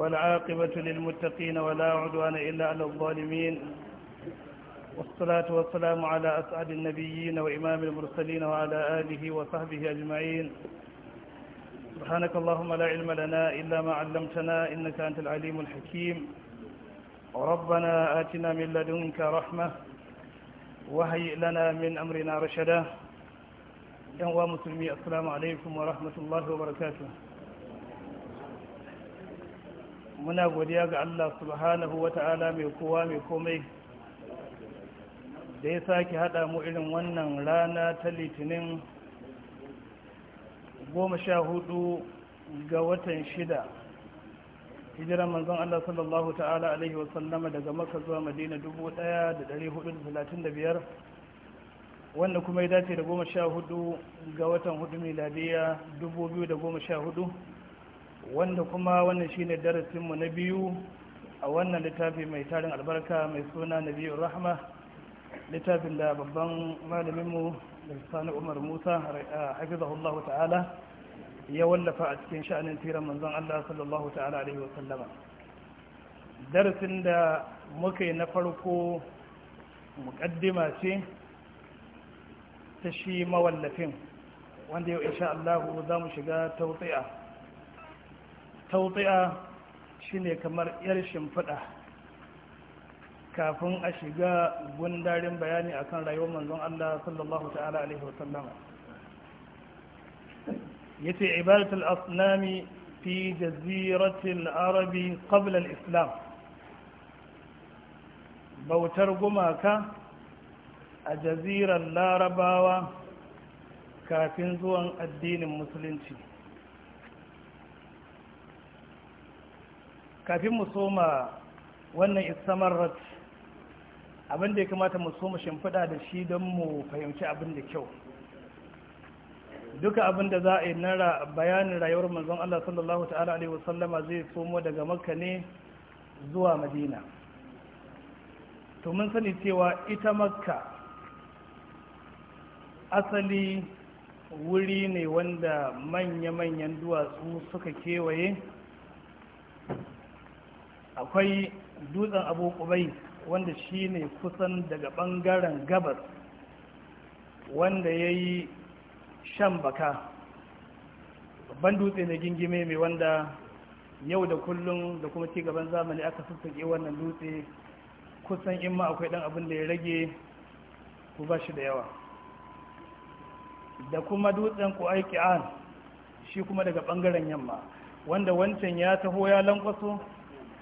والعاقبة للمتقين ولا عدوان إلا على الظالمين والصلاة والسلام على أسعد النبيين وإمام المرسلين وعلى آله وصحبه أجمعين سبحانك اللهم لا علم لنا إلا ما علمتنا إنك أنت العليم الحكيم ربنا آتنا من لدنك رحمة وهيئ لنا من أمرنا رشدا يا مسلمي السلام عليكم ورحمة الله وبركاته muna godiya ga Allah subhanahu wa ta'ala mai kowa mai komai da ya sake haɗa mu irin wannan rana ta litinin goma sha hudu ga watan shida hijirar manzon Allah sallallahu ta'ala alaihi wasallama daga maka zuwa madina biyar, wanda kuma ya dace da goma sha hudu ga watan hudu miladiya hudu. wanda kuma wannan shine darasinmu na biyu a wannan littafi mai tarin albarka mai suna na biyu rahama littafin da babban malaminmu da sani umar musa a ta'ala ya wallafa a cikin sha'anin tiran manzon allah sallallahu ta'ala alaihi wasallama darasin da muka yi na farko mukaddima ce ta shi mawallafin wanda yau insha Allah za mu shiga tautsi'a shi shine kamar yar shimfiɗa kafin a shiga gundarin bayani akan rayuwar manzon Allah sallallahu ta'ala alaihi yace ibadatul asnami fi jaziratin arabi qabla islam bautar gumaka a jazirar larabawa kafin zuwan addinin musulunci kafin mu soma wannan isamarrat, abin da ya kamata mu soma shimfiɗa da shi don mu fahimci abin da kyau duka abin da za a yi na bayanin rayuwar manzon Allah sallallahu ta'ala alaihi wasallama zai somo daga makka ne zuwa madina to mun sani cewa ita makka asali wuri ne wanda manya-manyan duwatsu suka kewaye akwai dutsen abu kubai wanda shi ne kusan daga ɓangaren gabas wanda ya yi shan baka babban dutse na gingime mai wanda yau da kullum da kuma cigaban zamani aka sassaƙe wannan dutse kusan in ma akwai ɗan abin da ya rage ku ba shi da yawa da kuma dutsen ku aiki an shi kuma daga bangaren yamma wanda wancan ya taho ya lankwaso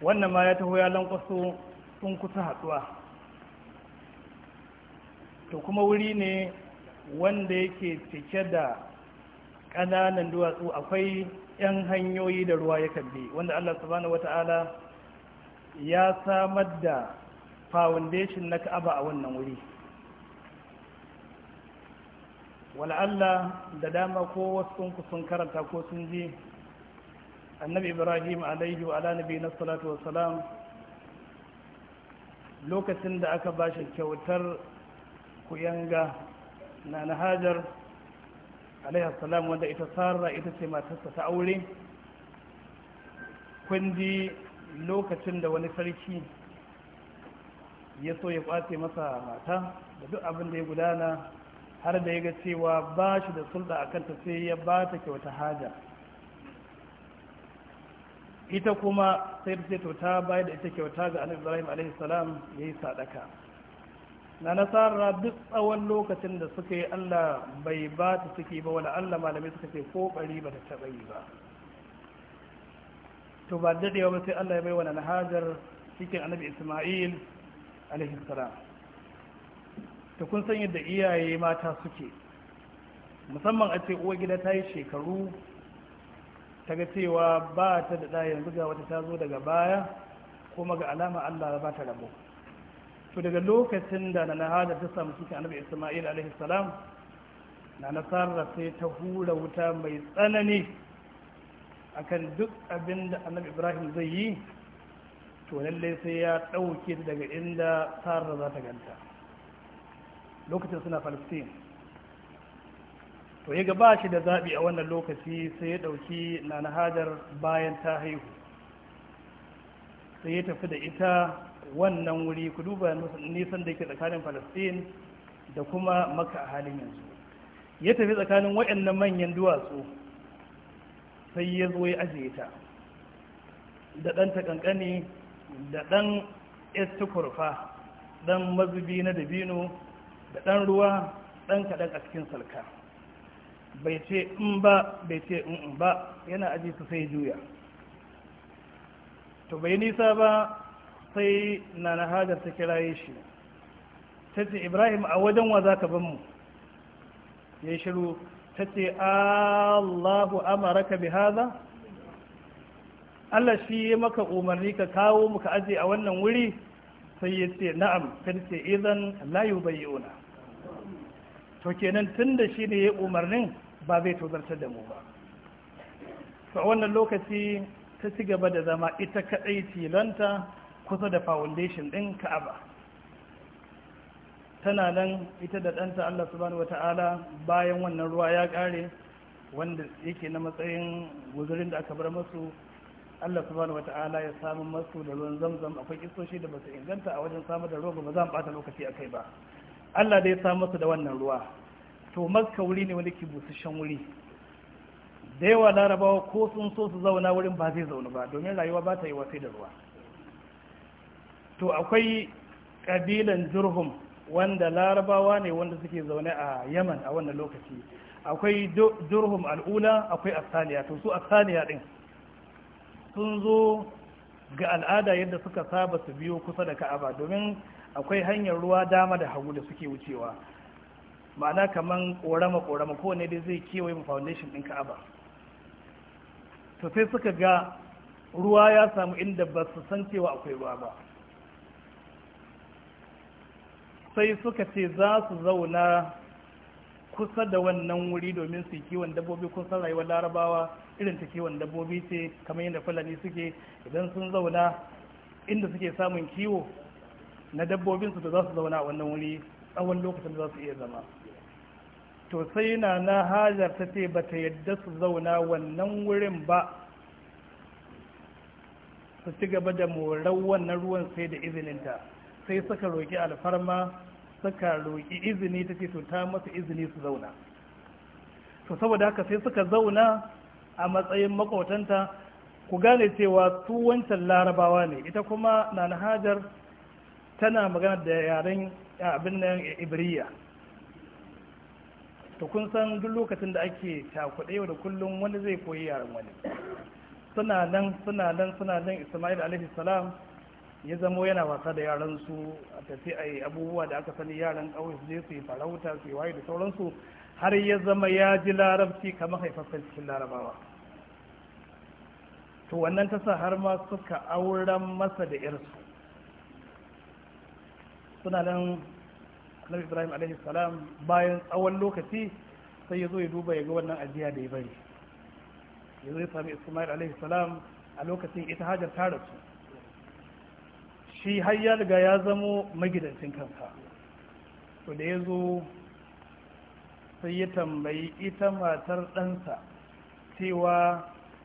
wannan ma ya taho ya lankwaso sun kusa haɗuwa to kuma wuri ne wanda yake cike da ƙananan duwatsu akwai 'yan hanyoyi da ruwa ya kalli wanda allah subhanahu wata'ala ya samar da foundation na ka'aba a wannan wuri wala'alla da dama ko wasu sun karanta ko sun ji annabi ibrahim alaihi wa ala nabi na salatu wasalam lokacin da aka ba shi kyautar kuyanga na nahajar alaihi salam wanda ita sarra ita ce matarsa ta aure kundi lokacin da wani sarki ya so ya kwace masa mata da duk abin da ya gudana har da ya ga cewa ba shi da sulɗa a kanta sai ya ba ta kyauta haja ita kuma sai da to ta bayar da ita kyauta ga annabi ibrahim alaihi salam yayi sadaka na nasara duk tsawon lokacin da suka yi allah bai ba ta suke ba wala allah malamai suka ce ko bari ba ta taba yi ba to ba daɗewa ba sai allah ya bai wa na hajar cikin annabi isma'il alaihi salam to kun san yadda iyaye mata suke musamman a ce uwa gida ta yi shekaru ta ga cewa ba ta da ɗaya yanzu ga wata ta zo daga baya kuma ga alama Allah ba ta rabo to daga lokacin da na hada ta samu cikin annabi Isma'il alaihi salam na nasarar sai ta hura wuta mai tsanani akan duk abin da annabi Ibrahim zai yi to lallai sai ya ɗauke daga inda tsara za ta ganta lokacin suna Palestine to ya ba shi da zaɓi a wannan lokaci sai ya ɗauki nana hajar bayan ta haihu sai ya tafi da ita wannan wuri ku duba nisan da ke tsakanin falastin da kuma maka a halin yanzu ya tafi tsakanin waɗannan manyan duwatsu sai ya zo ya ajiye ta da ɗan ƙanƙani da ɗan kurfa ɗan mazubi na dabino da ɗan ruwa ɗan kaɗan a cikin salka bai ce in ba bai ce in ba yana aji su sai juya to bai nisa ba sai na na hajar ta kiraye shi ta ce ibrahim a wajen wa za ka ban mu ya yi shiru ta ce allahu amaraka bi haza allah shi maka umarni ka kawo muka aje a wannan wuri sai ya ce na'am sai ce izan layu bayyona to kenan tun da shi ne ya umarnin ba zai tozartar da mu ba a wannan lokaci ta ci gaba da zama ita kaɗai tilanta kusa da foundation ɗin ka'aba tana nan ita da ɗanta Allah subhanahu wata'ala bayan wannan ruwa ya ƙare wanda yake na matsayin guzurin da aka bar masu Allah subhanahu wata'ala ya samu masu da ruwan zamzam akwai kisoshi da ba su inganta a wajen samar da ruwa ba za mu ɓata lokaci a kai ba Allah dai ya samu masu da wannan ruwa to makka wuri ne wani ke busasshen wuri da yawa larabawa ko sun so su zauna wurin ba zai zaunu ba domin rayuwa ba ta yi wasai da ruwa to akwai ƙabilan jurhum wanda larabawa ne wanda suke zaune a yaman a wannan lokaci akwai jurhum al'ula akwai asaliya to su asaliya din sun zo ga al'ada yadda suka saba su biyo kusa da ka'aba domin akwai hanyar ruwa dama da hagu da suke wucewa ma'ana kaman korama korama kowane dai zai kewaye mu foundation ɗin ka'aba to sai suka ga ruwa ya samu inda ba su san cewa akwai ruwa ba sai suka ce za su zauna kusa da wannan wuri domin su yi kiwon dabbobi kun san rayuwar larabawa irin ta kiwon dabbobi ce kamar yadda fulani suke idan sun zauna inda suke samun kiwo na dabbobinsu da za su zauna a wannan wuri tsawon lokacin da za su iya zama to sai na na hajar ta ce ba ta yadda su zauna wannan wurin ba su ci gaba da morar wannan ruwan sai da izininta sai suka roƙi alfarma suka roƙi izini ta ce to ta masa izini su zauna to saboda haka sai suka zauna a matsayin makotanta ku gane cewa su wancan larabawa ne ita kuma na hajar tana magana da yaren abin nan ibriya to kun san duk lokacin da ake cakuɗe da kullum wani zai koyi yaran wani suna nan suna nan suna nan isma'il alaihi salam ya zamo yana wasa da yaran su a tafi a abubuwa da aka sani yaran ƙauye su je su yi farauta su yi waye da sauransu har ya zama ya ji larabci kamar haifafen cikin larabawa to wannan ta sa har ma suka auren masa da 'yarsu suna nan annabi ibrahim alaihi salam bayan tsawon lokaci sai ya zo ya duba ya ga wannan ajiya da ya bari ya zo ya sami ismail alaihi salam a lokacin ita hajar ta rasu shi har ya riga ya zamo magidancin kansa to da ya zo sai ya tambayi ita matar ɗansa cewa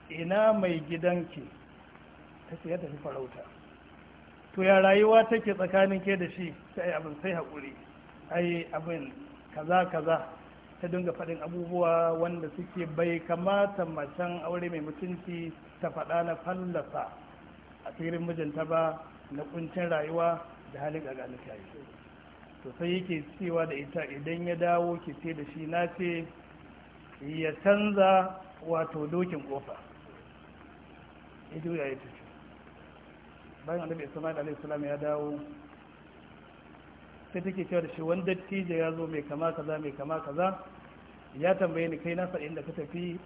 ina mai gidanki ta ce ya tafi farauta to ya rayuwa take tsakanin ke da shi sai abin sai hakuri? ai abin kaza kaza ta dinga faɗin abubuwa wanda suke bai kamata macen aure mai mutunci ta faɗa na fallasa asirin mijinta ba na kuncin rayuwa da halin gagalin kayi to sai yake cewa da ita idan ya dawo ki ce da shi na ce ya canza wato dokin kofa ya juya ya fito bayan annabi isma'il alaihi salam ya dawo sai take cewa da shi wani dattijo ya zo mai kama kaza mai kama kaza ya tambaye ni kai nasa inda ka tafi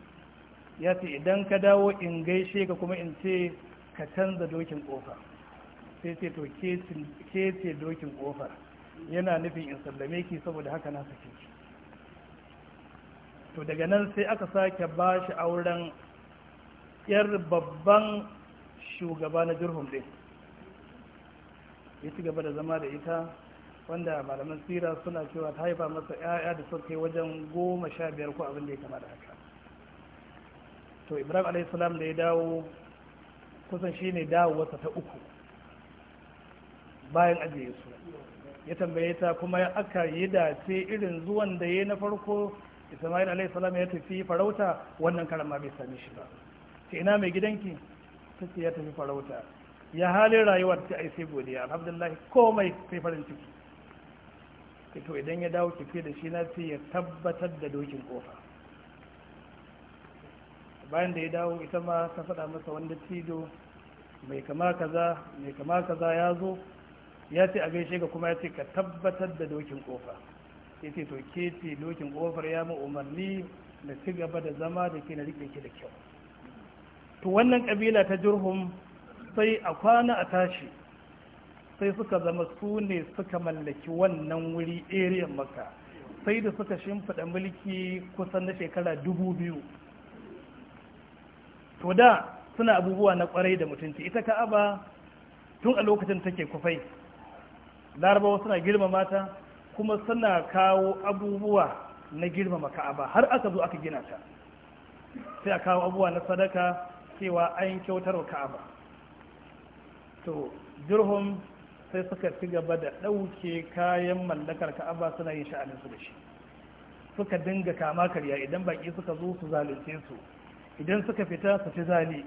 ya ce idan ka dawo in gaishe ka kuma in ce ka canza dokin kofa sai ce to ke ce dokin kofar yana nufin in sallame ki saboda haka na sake shi to daga nan sai aka sake ba shi auren yar babban shugaba na jirhum din ya ci gaba da zama da ita wanda malaman tsira suna cewa ta haifa masa 'ya'ya da suka wajen goma sha biyar ko abin da ya kama da haka to ibrahim alaihissalam da ya dawo kusan shi ne dawo dawowarsa ta uku bayan ajiye su ya tambaye ta kuma aka yi dace irin zuwan da ya na farko isma'il alaihissalam ya tafi farauta wannan karan ma bai same shi ba ce ina mai gidanki ta ce ya tafi farauta ya halin rayuwar ta ai sai godiya alhamdulillah komai sai farin ciki to idan ya dawo kife da shi na ya tabbatar da dokin kofa bayan da ya dawo ita ma ta faɗa masa wanda cido mai kama kaza mai kama kaza ya zo ya ce a gaishe ka kuma ya ce ka tabbatar da dokin kofa ya ce to ke ce dokin kofar ya mu umarni na ci gaba da zama da ke na riƙe ki da kyau to wannan ƙabila ta jurhum sai a kwana a tashi sai suka zama su ne suka mallaki wannan wuri area maka sai da suka shimfiɗa mulki kusan na shekara dubu biyu to da suna abubuwa na kwarai da mutunci ita ka'aba tun a lokacin take kufai larabawa suna girmama ta kuma suna kawo abubuwa na girmama ka'aba har aka zo aka gina ta sai a kawo abubuwa na sadaka cewa an kyautar wa ka'aba to jirhum sai suka ci gaba da ɗauke kayan mallakar ka'aba suna yin sha'anin da shi suka dinga kama karya idan baki suka zo su zalunce su idan suka fita su ci zali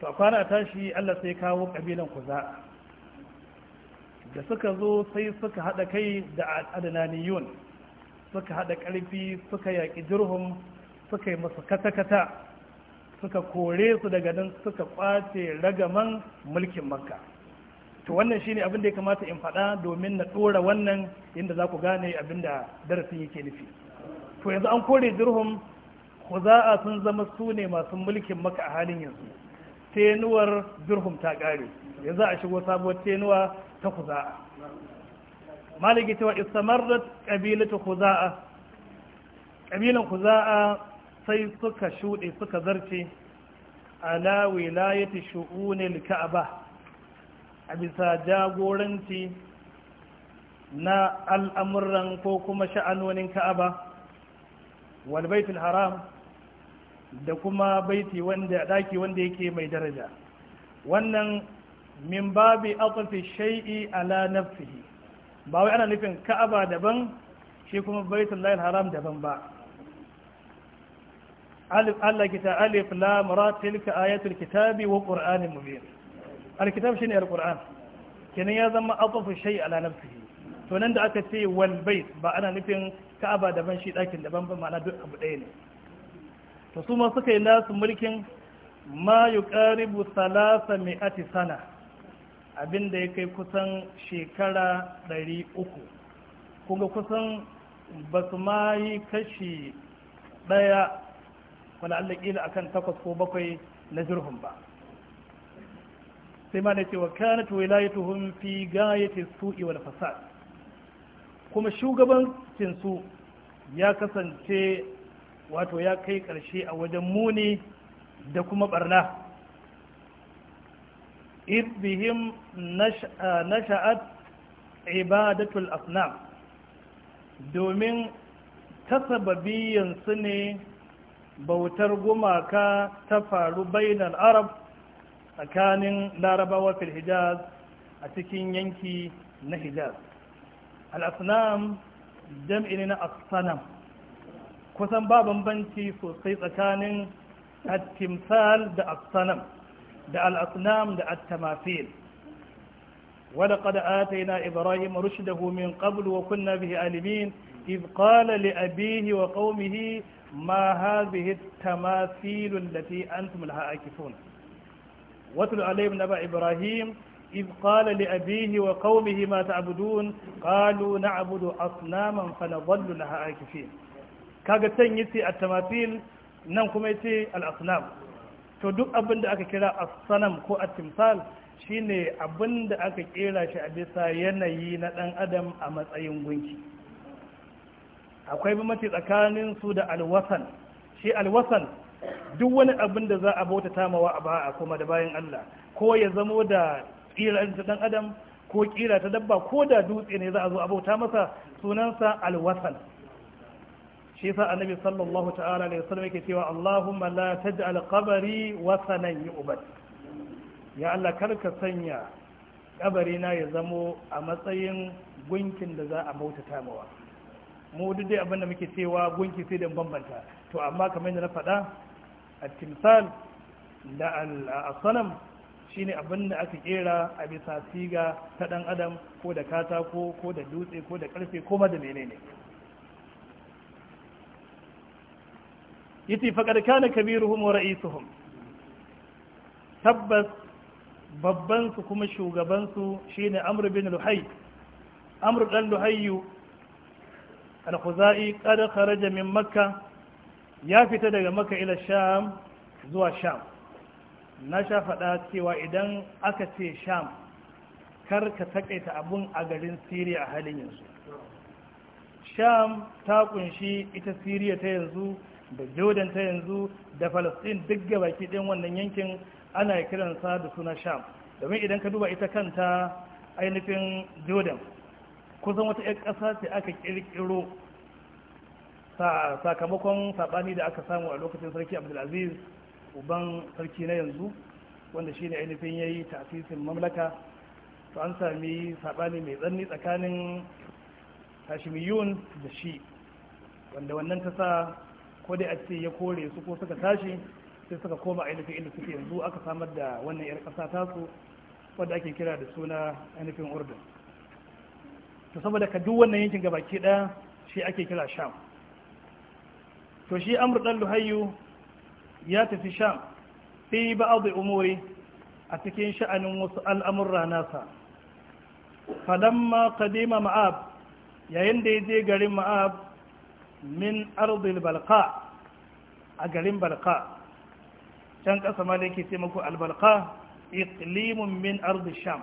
to kwana tashi Allah sai kawo kabilan kuza da suka zo sai suka hada kai da adananiyun suka hada karfi suka yaki jirhum suka yi musu kata-kata suka kore su daga nan suka kwace ragaman mulkin makka to wannan shine abin da ya kamata in faɗa domin na ɗora wannan inda za ku gane abin da darasin yake nufi to yanzu an kore dirhum khuza'a sun zama sune masu mulkin maka a halin yanzu tenuwar dirhum ta ƙare yanzu a shigo sabuwar tenuwa ta khuza'a maliki cewa istamarrat qabilatu khuza'a qabilan khuza'a sai suka shuɗe suka zarce ala wilayati shu'unil ka'aba a bisa jagoranci na al'amuran ko kuma sha'anonin ka'aba wal haram da kuma baiti wanda daki wanda yake mai daraja wannan min babi aqfi shay'i ala nafsihi ba wai ana nufin ka'aba daban shi kuma baitul lail haram daban ba alif Allah kita alif lam ra tilka ayatul kitabi wa qur'anin mubin alkitab shine alquran kenan ya zama aqafu shay ala nafsihi to nan da aka ce wal bait ba ana nufin ka'aba daban shi dakin daban ba ma'ana duk abu ɗaya ne to su ma suka yi nasu mulkin ma yuqaribu thalatha mi'ati sana abinda ya kai kusan shekara ɗari uku kunga kusan basu su ma yi kashi ɗaya wani allakila akan takwas ko bakwai na jirhun ba sai ma da cewa kanat wilayatuhum fi gayati su'i wal fasad kuma shugabancin su ya kasance wato ya kai karshe a wajen muni da kuma barna id bihim nasha'at ibadatul asnam domin ta sababiyansu ne bautar gumaka ta faru bainar arab tsakanin larabawa fil a cikin yanki na hijaz al'asunan jam'ini na asunan kusan ba bambanci sosai tsakanin attimsal da asunan da al'asunan da attamafil wadda kada a ta yi na ibrahim rushe da homin ƙabul wa kunna bihi alimin ibkala li'abihi wa ƙaumihi ma ha bihi tamafilun da fi an tumulha a kifuna واتل عليهم نبا ابراهيم اذ قال لابيه وقومه ما تعبدون قالوا نعبد اصناما فنظل لها عاكفين كاغتين تنيتي التماثيل ننكم يتي to duk abin da aka kira as-sanam ko at-timsal shine abin da aka kera shi a bisa yanayi na dan adam a matsayin gunki akwai bambanci tsakanin su da alwasan shi alwasan duk wani abin da za a bauta tamawa a ba'a kuma da bayan Allah ko ya zamo da kira ta ɗan adam ko ƙira ta dabba ko da dutse ne za a zo a bauta masa sunansa alwasan shi yasa annabi sallallahu ta'ala alaihi wasallam yake cewa Allahumma la taj'al qabri wasanan yu'bad ya Allah kar ka sanya kabari na ya zamo a matsayin gunkin da za a bauta mawa mu duk dai abin muke cewa gunki sai da bambanta to amma kamar yadda na faɗa التمثال da shine abin da aka kera a bisa siga ta dan adam ko da katako ko da dutse ko da karfe, ko ma da menene yace faqad kana kabiruhum wa ra'isuhum tabbas babban su kuma shugaban su shine amr bin luhay amr dan luhay al-khuzai qad kharaja min makkah ya fita daga maka ila sham zuwa sham na sha faɗa cewa idan aka ce sham kar ka taƙaita abun a garin siriya a halin yanzu sham ta kunshi ita siriya ta yanzu da jordan ta yanzu da palestine duk ga baki ɗin wannan yankin ana kiransa da suna sham domin idan ka duba ita kanta ainihin jordan kusan wata 'yan ƙasa ce aka ƙirƙiro sakamakon saɓani da aka samu a lokacin sarki abdulaziz uban sarki na yanzu wanda shi ne ainihin ya yi tasisin mamlaka to an sami sabani mai tsanni tsakanin hashimiyun da shi wanda wannan ta sa ko a ce ya kore su ko suka tashi sai suka koma ainihin inda suke yanzu aka samar da wannan 'yar kasa tasu wadda ake kira da suna ainihin urdun to saboda ka duk wannan yankin gabaki ɗaya shi ake kira sham to shi amur ɗan luhayyu ya tafi sham fi ba'adu umuri a cikin sha'anin wasu al'amurra nasa ma kadima ma'ab yayin da ya je garin ma'ab min arzil balka a garin balka can ƙasa ma da yake taimako albalka iklimun min arzil sham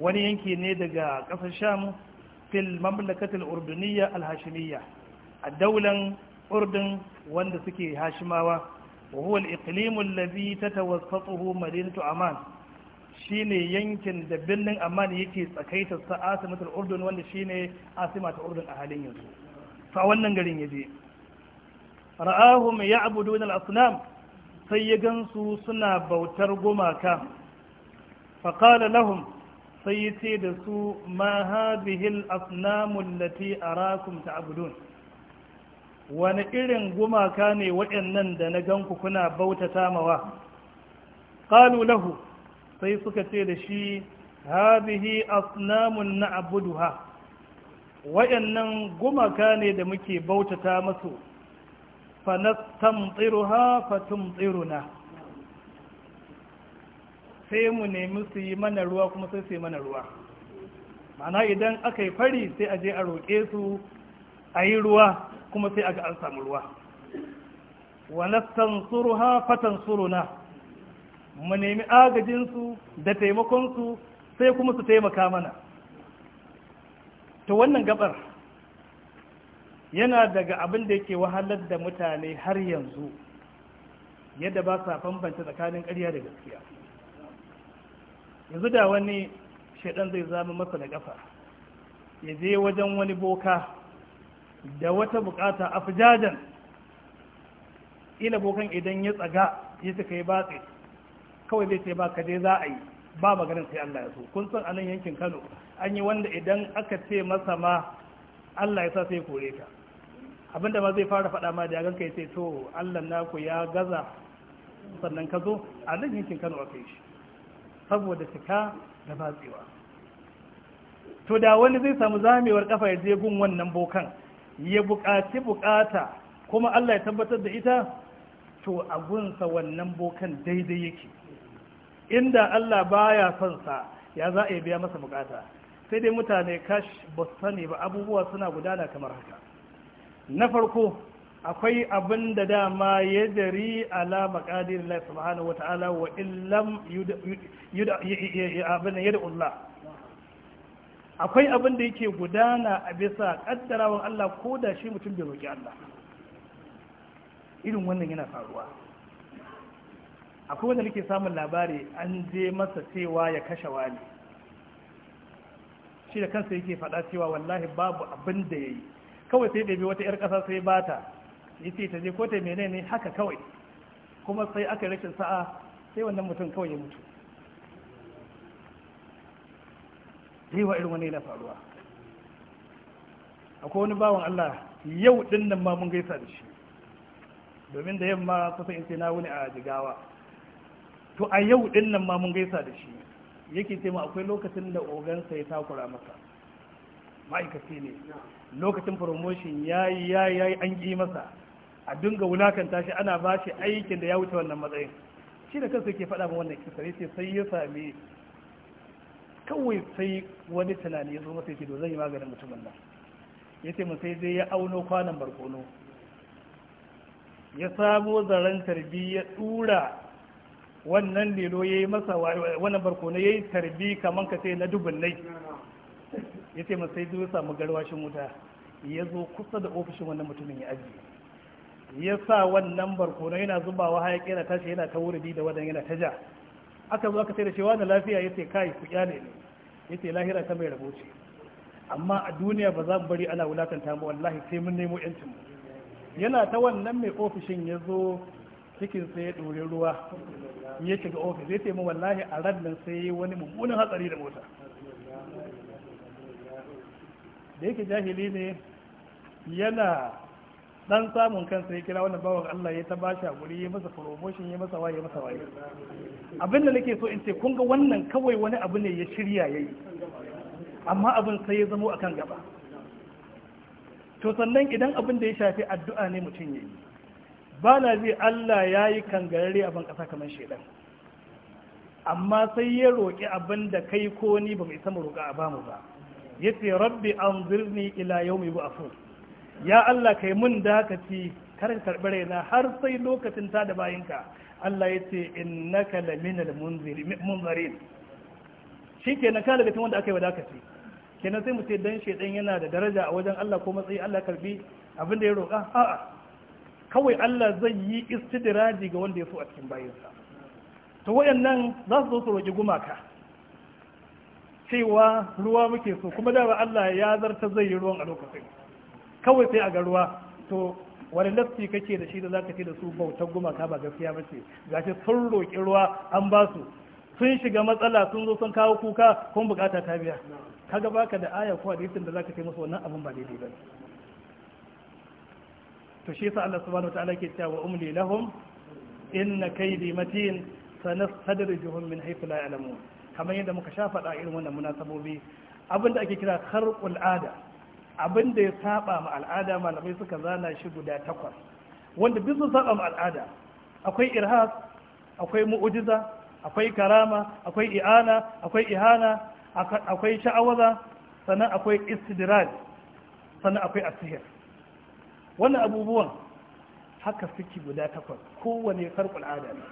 wani yanki ne daga ƙasar sham fil mamlakatul urduniya alhashimiyya a daular urdun wanda suke hashimawa wa huwa al-iqlimu allazi tatawassatuhu madinatu amman shine yankin da birnin amman yake tsakaita sa asimatul urdun wanda shine asimatul urdun a halin yanzu fa wannan garin yaje ra'ahum ya'buduna al-asnam sai ya gansu suna bautar gumaka fa qala lahum sai yace da su ma hadhihi al-asnamu allati arakum ta'budun wani irin gumaka ne waɗannan da na ganku kuna bautata mawa ƙalu lahu sai suka ce da shi hadhihi asnamun ha. waɗannan gumaka ne da muke bautata masu ha fanastamtiruha na? sai mu nemi su yi mana ruwa kuma sai su yi mana ruwa mana idan aka yi fari sai a je a roƙe su a yi ruwa kuma sai a ga an samu ruwa wa nastansuruha fatansuruna mu nemi agajinsu da taimakonsu sai kuma su taimaka mana to wannan gabar yana daga abin da yake wahalar da mutane har yanzu yadda ba sa bambanta tsakanin ƙarya da gaskiya yanzu da wani shaidan zai zama masa da ƙafa ya je wajen wani boka da wata bukata afjajan ila bokan idan ya tsaga ya ta kai batse kawai zai ce ba ka dai za a yi ba maganin sai Allah ya so kun san anan yankin Kano an yi wanda idan aka ce masa ma Allah ya sa sai kore ka abinda ma zai fara faɗa ma da ganka ya ce to Allah naku ya gaza sannan ka zo a nan yankin Kano aka yi shi saboda cika da batsewa to da wani zai samu zamewar kafa ya je gun wannan bokan ya buƙaci buƙata kuma Allah ya tabbatar da ita to abunsa wannan bokan daidai yake inda Allah baya son sa ya za a biya masa buƙata sai dai mutane kash ba su sani ba abubuwa suna gudana kamar haka na farko akwai abin da dama ya dari ala maqadir Allah subhanahu wa wa illam yud'a abin akwai abin da yake gudana a bisa kaddarawan Allah ko da shi mutum bai roƙi Allah irin wannan yana faruwa akwai wanda nake samun labari an je masa cewa ya kashe wani shi da kansa yake faɗa cewa wallahi babu abin da ya yi kawai sai ɗabi wata 'yar ƙasa sai bata ya ce ta je ko ta menene haka kawai kuma sai aka rashin sa'a sai wannan mutum kawai ya mutu zai wa irin wani yana faruwa akwai wani bawan Allah yau din nan ma mun gaisa da shi domin da yamma kusa in sai na wuni a jigawa to a yau din nan ma mun gaisa da shi yake ce mu akwai lokacin da ogansa ya takura masa ma'aikaci ne lokacin promotion ya yi ya yi an yi masa a dinga wulakanta shi ana ba shi aikin da ya wuce wannan matsayin shi da kansa yake faɗa ma wannan kisa sai ya sami kawai sai wani tunani ya zo masa yake zai yi maganin mutumin nan ya ce sai zai ya auno kwanan barkono ya samo zaren tarbi ya dura wannan lilo ya yi masa wannan barkono ya yi tarbi kamar ka sai na dubunnai ya ce sai zai samu garwashin wuta ya zo kusa da ofishin wannan mutumin ya ajiye ya sa wannan barkono yana zubawa hayaƙi yana tashi yana ta wurbi da wadan yana ta ja aka zo aka sai da cewa na lafiya ya ce kai ku kyale ne ya ce lahira ta mai rabo amma a duniya ba za mu bari ana ta mu wallahi sai mun nemo yancin yana ta wannan mai ofishin ya zo cikin sai ya ɗore ruwa ya shiga ofis ya ce mu wallahi a ran nan sai yi wani mummunan hatsari da mota da yake jahili ne yana dan samun kansa ya kira wannan bawan Allah ya ta bashi a guri ya masa promotion ya masa waye masa waye abin da nake so in ce kun ga wannan kawai wani abu ne ya shirya yayi amma abin sai ya zamo akan gaba to sannan idan abin da ya shafi addu'a ne mutum yayi ba na ji Allah ya yi kangarare ban kasa kamar shedan amma sai ya roƙi abin da kai ko ni ba mu isa mu roƙa a bamu ba yace rabbi anzirni ila yawmi ba'thun ya Allah kai mun dakaci kar ka karbi raina har sai lokacin ta da bayinka Allah ya ce innaka laminal munzirin shikenan ka daga wanda aka yi wadakaci kenan sai mu ce dan shedan yana da daraja a wajen Allah ko matsayi Allah karbi abin da ya roƙa a'a kawai Allah zai yi istidraji ga wanda ya so a cikin bayinsa to wayannan za su zo su roƙi gumaka cewa ruwa muke so kuma da Allah ya zarta zai yi ruwan a lokacin kawai sai a ga ruwa to wani nafsi kake da shi da za ka ce da su bautar gumaka ba gaskiya ba ce gashi sun roƙi ruwa an ba su sun shiga matsala sun zo sun kawo kuka kun bukata ta biya kaga baka da aya ko hadisin da ka ce musu wannan abin ba daidai ba to shi sa Allah subhanahu wataala ke cewa wa umli lahum inna kaydi matin sanastadrijuhum min haythu la ya'lamun kamar yadda muka sha faɗa irin wannan munasabobi abin da ake kira kharqul ada abin da ya saba ma al'ada malamai suka zana shi guda takwas wanda bisu saba ma al'ada akwai irhas akwai mu'ujiza akwai karama akwai i'ana akwai ihana akwai sha'awaza sannan akwai istidraj sannan akwai asihir wannan abubuwan haka suke guda takwas kowane farkul ada ne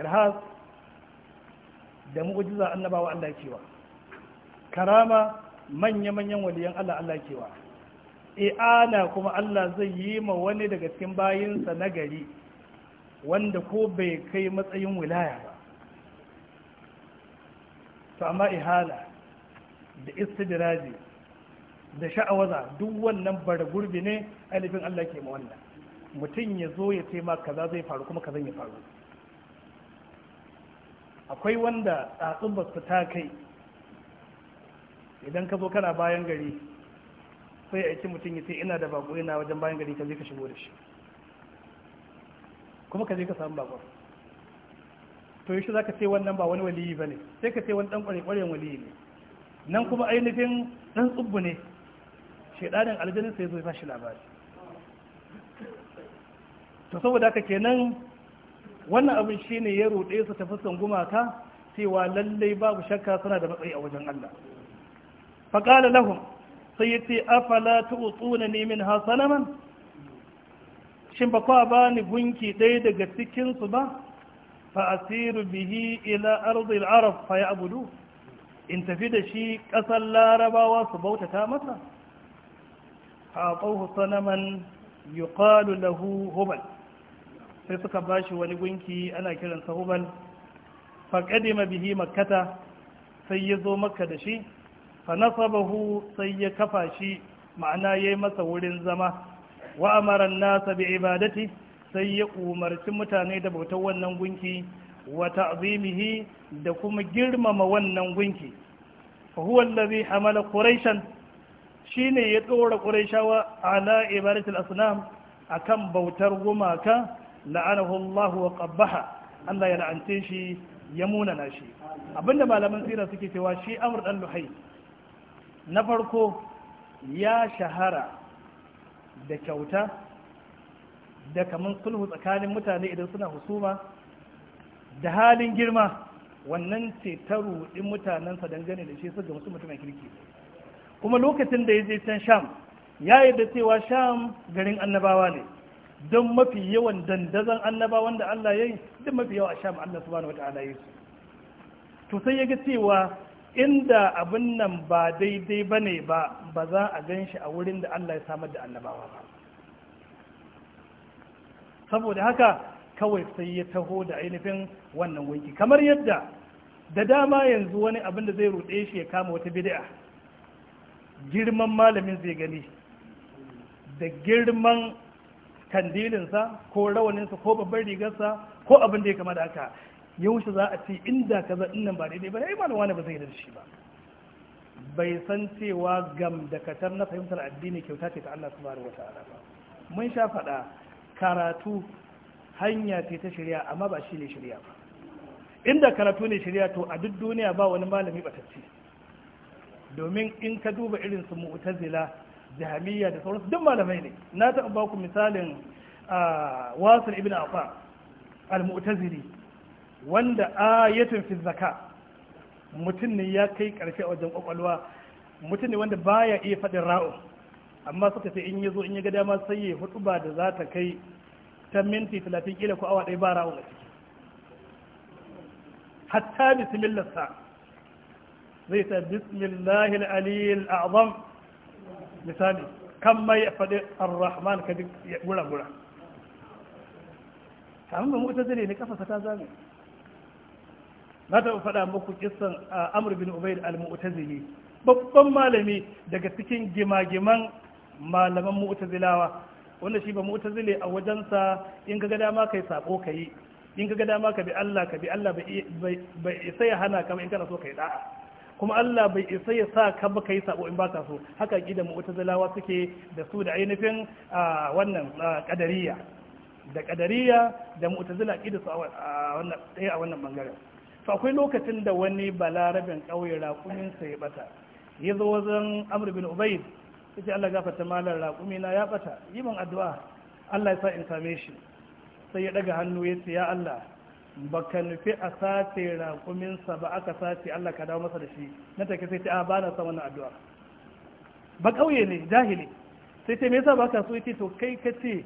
irhas da mu'ujiza annabawa Allah kewa karama manya-manyan waliyan Allah Allah kewa i'ana kuma Allah zai yi ma wani daga cikin bayinsa na gari wanda ko bai kai matsayin wilaya ba to amma ihala da istidiraji da sha'awaza duk wannan bara gurbi ne alifin Allah ke ma wannan mutum ya zo ya ce ma kaza zai faru kuma kazan ya faru akwai wanda tsatsun ba ta kai idan ka zo kana bayan gari sai a ci mutum ya ce ina da bako ina wajen bayan gari ka je ka shigo da shi kuma ka je ka samu bako to shi za ka ce wannan ba wani waliyi ba ne sai ka ce wani dan kwarekwaren waliyi ne nan kuma ainihin dan tsubbu ne shaidanin aljanin sai zo ya shi labari to saboda haka kenan wannan abin ne ya ruɗe su tafi sun gumaka cewa lallai babu shakka suna da matsayi a wajen Allah faƙala lahum sai ya ce afala tu'tuna ni min hasanaman shin ba kwa ba gunki ɗaya daga cikinsu su ba fa asiru bihi ila ardi al-arab fa ya'budu in tafi da shi ƙasar larabawa su bautata masa a ƙauhu sanaman yuqalu lahu hubal sai suka bashi wani gunki ana kiransa hubal faƙadima bihi makkata sai ya zo makka da shi fanasabahu sai ya kafa shi ma'ana ya yi masa wurin zama wa amaran nasa bi ibadati sai ya umarci mutane da bautar wannan gunki wa ta'zimihi da kuma girmama wannan gunki fa huwa allazi hamala quraishan shine ya dora quraishawa ala al asnam akan bautar gumaka la'anahu Allah wa qabbaha Allah ya la'ance shi ya munana shi abinda malaman sirra suke cewa shi amr dan luhai na farko ya shahara da kyauta da kamar sulhu tsakanin mutane idan suna husuma da halin girma wannan ce ta ruɗin mutanensa dangane da shi su ga musu mutumin kirki kuma lokacin da ya je can sham ya yarda cewa sham garin annabawa ne don mafi yawan dandazon annabawan da Allah ya yi duk mafi yawa a sham Allah subhanahu wa ta'ala ya yi to sai ya ga cewa inda abin nan ba daidai ba ne ba ba za a gan shi a wurin da Allah ya samar da annabawa ba saboda haka kawai sai ya taho da ainihin wannan wanki kamar yadda da dama yanzu wani abin da zai ruɗe shi ya kama wata bid'a girman malamin zai gani da girman kandilinsa ko rawaninsa ko babbar rigarsa ko abin da ya kama da haka yaushe za a ce inda za ba daidai ba ne malam wani ba zai da shi ba bai san cewa gam da katar na fahimtar addini kyauta ce ta Allah Su wata wata'ala ba mun sha faɗa karatu hanya ce ta shirya amma ba shi ne shirya ba inda karatu ne shirya to a duk duniya ba wani malami batacce domin in ka duba irin su mu'tazila jahamiyya da sauransu duk malamai ne na taɓa ba ku misalin ah, wasil ibn afa al-mu'tazili wanda ayatun fi zaka mutum ne ya kai karshe a wajen kwakwalwa mutum ne wanda baya iya faɗin ra'u amma suka ce in ya zo in ya ga dama sai ya hudu ba da za ta kai ta minti talatin kila ko awa ɗaya ba ra'u a ciki hatta bismillah zai ta bismillahil aliyil a'zam misali kan mai faɗi ar-rahman ka duk gura gura kamar ba mu ta zare ne kafa ta zame na taɓa faɗa muku kissan amr bin ubaid al-mu'tazili babban malami daga cikin gimagiman malaman mu'tazilawa wanda shi ba mu'tazili a wajensa in ka ga dama kai sako kai in ka ga dama ka bi Allah ka bi Allah bai isa ya hana ka in kana so kai da'a kuma Allah bai isa ya sa ka ba kai sako in baka so haka kida mu'tazilawa suke da su da ainihin wannan kadariya da kadariya da mu'tazila kida su a wannan a wannan bangaren to akwai lokacin da wani balarabin ƙauye raƙuminsa ya bata ya zo wajen amr bin ubayd ce Allah gafata malar raƙumina ya bata yi min addu'a Allah ya sa in same shi sai ya daga hannu ya ce ya Allah ka nufi a sace raƙuminsa ba aka sace Allah ka dawo masa da shi na take sai ta a ba na son wannan addu'a ba ƙauye ne jahili sai ce me yasa ba ka so yace to kai ka ce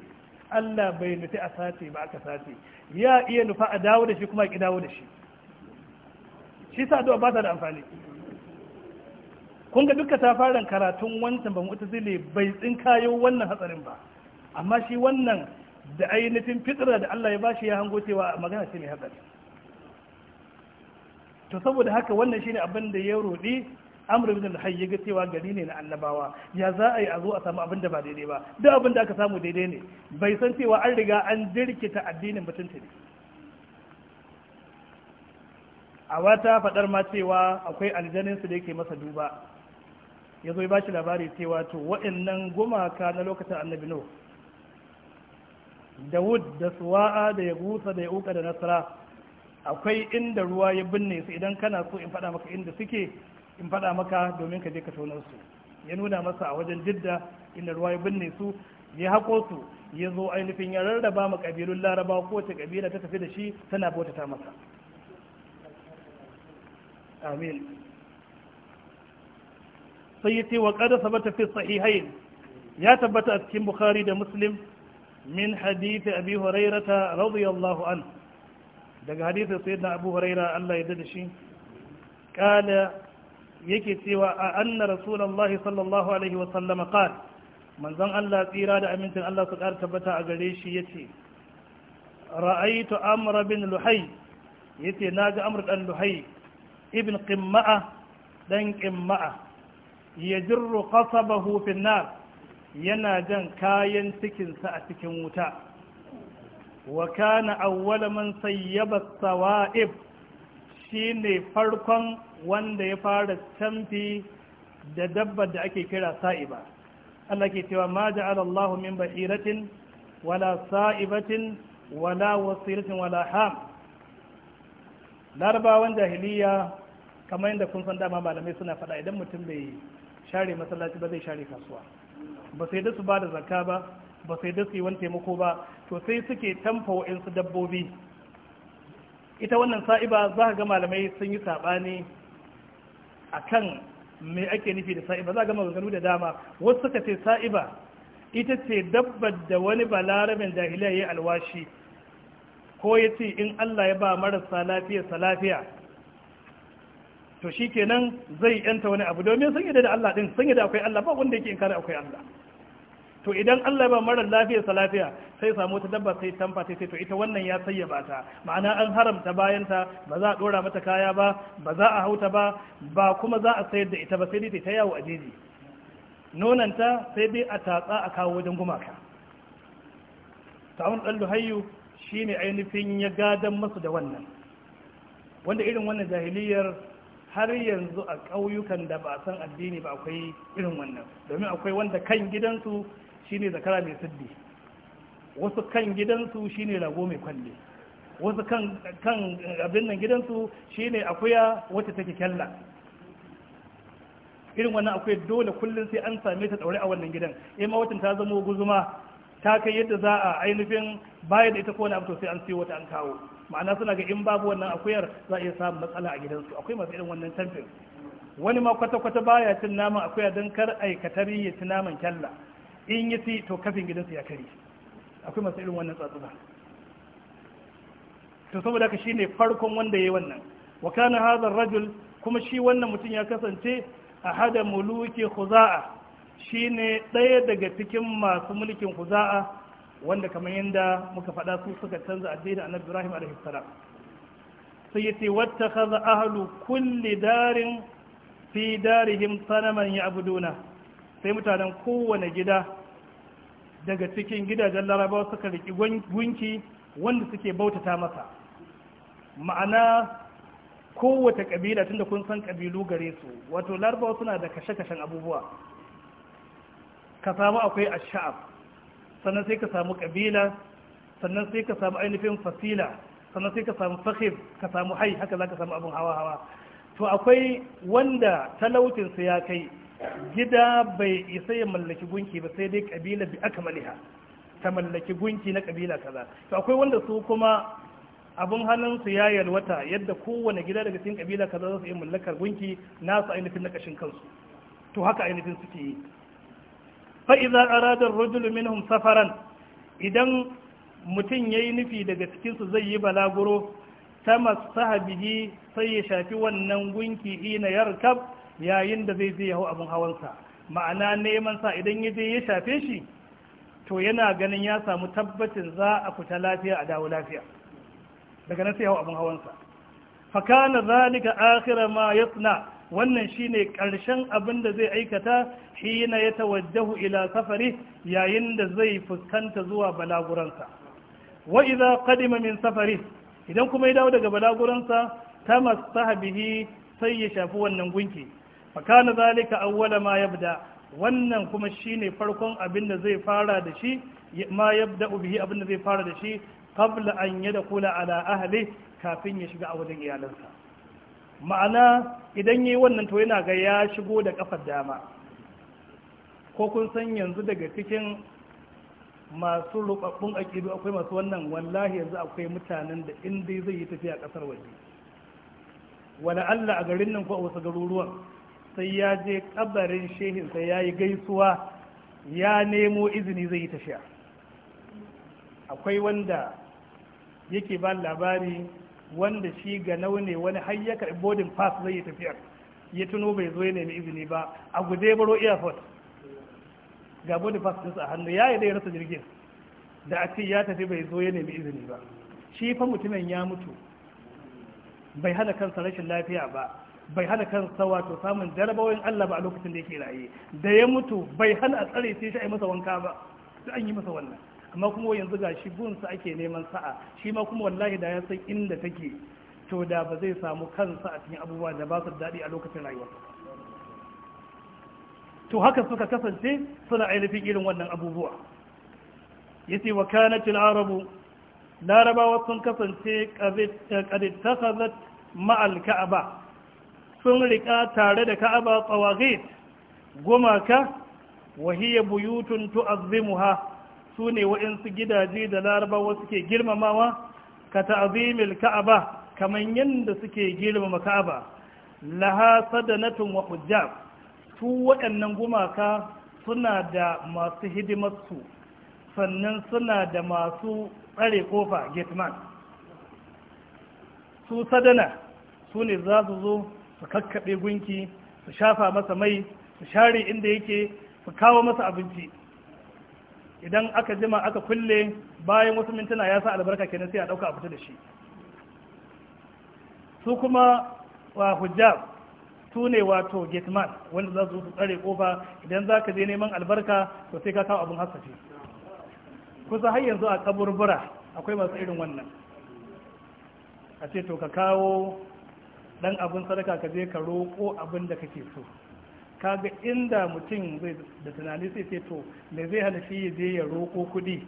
Allah bai nufi a sace ba aka sace ya iya nufa a dawo da shi kuma ki dawo da shi shi sa addu'a ba ta da amfani kun ga duka ta fara karatun wancan ba zile bai tsinkayo wannan hatsarin ba amma shi wannan da ainihin fitira da Allah ya bashi ya hango cewa magana ce mai hatsari to saboda haka wannan shine abin da ya rudi amr ibn al-hayy ga cewa gari ne na annabawa ya za a yi a zo a samu abin da ba daidai ba duk abin da aka samu daidai ne bai san cewa an riga an jirkita addinin mutunci ne a wata faɗar ma cewa akwai aljaninsu da yake masa duba ya zo ya ba labari cewa to waɗannan gumaka na lokacin annabi no dawud da suwa'a da ya gusa da ya uka da nasara akwai inda ruwa ya binne su idan kana so in faɗa maka inda suke in faɗa maka domin ka je ka tonar su ya nuna masa a wajen didda inda ruwa ya binne su ya haƙo su ya zo ainihin ya rarraba ma ƙabilun Larabawa kowace ƙabila ta tafi da shi tana bautata masa amin sai yace wa qad sabata fi sahihayn ya tabbata a cikin bukhari da muslim min hadith abi hurairata radiyallahu anhu daga hadithin sayyidina abu huraira Allah ya dade shi kala yake cewa a anna rasulullahi sallallahu alaihi wa sallam qala manzon Allah tsira da amincin Allah su kar tabbata a gare shi yace ra'aitu amr bin luhay yace naga amr dan luhai. ibn qimma'a dan qimma'a yajru qasabahu fi nar yana jan kayan cikinsa a cikin wuta wa kana awwala man sayyaba sawa'ib shine farkon wanda ya fara canfi da dabbar da ake kira sa'iba Allah ke cewa ma ja'ala Allahu min bahiratin wala sa'ibatin wala wasilatin wala ham larabawan jahiliya kamar yadda kun san dama malamai suna faɗa idan mutum bai share masallaci ba zai share kasuwa ba sai da su ba da zakka ba ba sai da su yi wani taimako ba to sai suke tamfa wa'insu dabbobi ita wannan sa'iba za ka ga malamai sun yi saɓani a kan me ake nufi da sa'iba za ka ga maganganu da dama wasu suka ce sa'iba ita ce dabbar da wani balarabin jahiliya ya yi alwashi ko ya ce in allah ya ba marasa lafiyarsa lafiya to shi kenan zai yanta wani abu domin sun yadda da Allah din sun yadda akwai Allah ba wanda yake inkara akwai Allah to idan Allah ba marar lafiya sa lafiya sai samu wata dabba sai tamfa sai to ita wannan ya ba ta ma'ana an haramta bayan ta ba za a dora mata kaya ba ba za a hauta ba ba kuma za a sayar da ita ba sai dai ta yawo a jeji ta sai dai a tatsa a kawo wajen gumaka ta'awun ɗan luhayyu shine ainihin ya gadon masu da wannan wanda irin wannan jahiliyar har yanzu a ƙauyukan da ba san addini ba akwai irin wannan domin akwai wanda kan gidansu shine zakara mai siddi wasu kan gidansu shine rago mai kwalle wasu kan abin nan gidansu shine akuya wacce take kyalla irin wannan akwai dole kullum sai an same ta daure a wannan gidan in eh, ma watan ta zama guzuma ta kai yadda za a ainihin bayan da ita ko abu to sai an siyo wata an kawo ma'ana suna ga in babu wannan akuyar za a iya samun matsala a gidansu akwai masu irin wannan tamfin wani ma kwata-kwata baya cin naman akuya don kar aikatari ya ci naman kyalla in yi ci to kafin gidansu ya kare akwai masu irin wannan tsatsuna to saboda haka shine farkon wanda yayi wannan wa kana hadha rajul kuma shi wannan mutum ya kasance a hada muluki khuza'a shine ɗaya daga cikin masu mulkin khuza'a wanda kamar yadda muka faɗa su suka canza addinin annabi Ibrahim alaihi salam sai yace wattakhadha ahlu kulli darin fi darihim sanaman ya'buduna sai mutanen kowane gida daga cikin gidajen larabawa suka riki gunki wanda suke bautata masa ma'ana kowace kabila tunda kun san kabilu gare su wato larabawa suna da kashe-kashen abubuwa ka samu akwai a ashab sannan sai ka samu kabila sannan sai ka samu ainihin fasila sannan sai ka samu fahim ka samu hai haka za ka samu abin hawa hawa to akwai wanda talautinsa ya kai gida bai isa ya mallaki gunki ba sai dai kabila bi aka maliha ta mallaki gunki na kabila kaza to akwai wanda su kuma abun hannunsu ya yalwata yadda kowane gida daga cikin kabila kaza za su yi mallakar gunki nasu ainihin na kashin kansu to haka ainihin suke yi fa'iza aradar rajulu minhum safaran idan mutum ya yi nufi daga cikinsu zai yi balaguro ta masu sahabihi sai ya shafi wannan gunki ina yarkab yayin da zai zai hau abin hawansa ma'ana neman sa idan ya je ya shafe shi to yana ganin ya samu tabbacin za a fita lafiya a dawo lafiya daga nan sai hau abin hawansa fakana zalika akhira ma yasna wannan shine ƙarshen abin da zai aikata hina ya tawajjahu ila safari yayin da zai fuskanta zuwa balaguransa wa idza qadima min safari idan kuma ya dawo daga balaguransa tamassaha bihi sai ya shafi wannan gunki fa kana zalika awwala ma yabda wannan kuma shine farkon abin da zai fara da shi ma yabda bihi abin da zai fara da shi qabla an yadkhula ala ahli kafin ya shiga a wajen iyalansa ma'ana idan yi wannan to yana ga ya shigo da kafar dama ko kun san yanzu daga cikin masu rubabbun aƙidu akwai masu wannan wallahi yanzu akwai mutanen da inda zai yi tafiya kasar waje wala Allah a garin nan ko a wasu garuruwan sai ya je kabarin shehin sai ya yi gaisuwa ya nemo izini zai yi tafiya akwai wanda yake ba labari wanda shi ga naune wani har ya karɓi bodin pass zai yi tafiyar ya tuno bai zo ya nemi izini ba a guje baro airport ga bodin pass ɗinsa a hannu ya yi dai rasa jirgin da a ce ya tafi bai zo ya nemi izini ba shi fa mutumin ya mutu bai hana kansa rashin lafiya ba bai hana kansa wato samun jarabawoyin Allah ba a lokacin da yake raye da ya mutu bai hana a tsare sai shi a yi masa wanka ba sai an yi masa wannan amma kuma yanzu ga shi gunsa ake neman sa'a shi ma kuma wallahi da ya san inda take to da ba zai samu kansa a cikin abubuwa da ba su daɗi a lokacin rayuwa? to haka suka kasance suna ainihin irin wannan abubuwa Ya ce wa kanatil arabu larabawa sun kasance kadittakadat ma'al ka'aba sun riƙa tare da ka'aba tsawagit gumaka wahiyar buyutun tu'azzimuha su ne waɗansu gidaje da larabawa suke girmamawa ka ta'azimil ka'aba kamar yadda suke girmama ka'aba laha sadanatun wa hujjab su waɗannan gumaka suna da masu hidimarsu sannan suna da masu tsare kofa gateman su sadana su ne za su zo su kakkaɓe gunki su shafa masa mai su share inda yake su kawo masa abinci idan aka jima aka kulle bayan wasu mintuna ya sa albarka kenan sai a ɗauka a fita da shi su kuma wa hujjab su ne wato gateman wanda za su tsare kofa idan za ka je neman albarka to sai ka kawo abin hasafi kusa har yanzu a kaburbura akwai masu irin wannan a ce to ka kawo dan abin sadaka ka je ka roko abin da kake so kaga inda mutum zai da tunani sai ce to me zai hana shi ya je ya roko kuɗi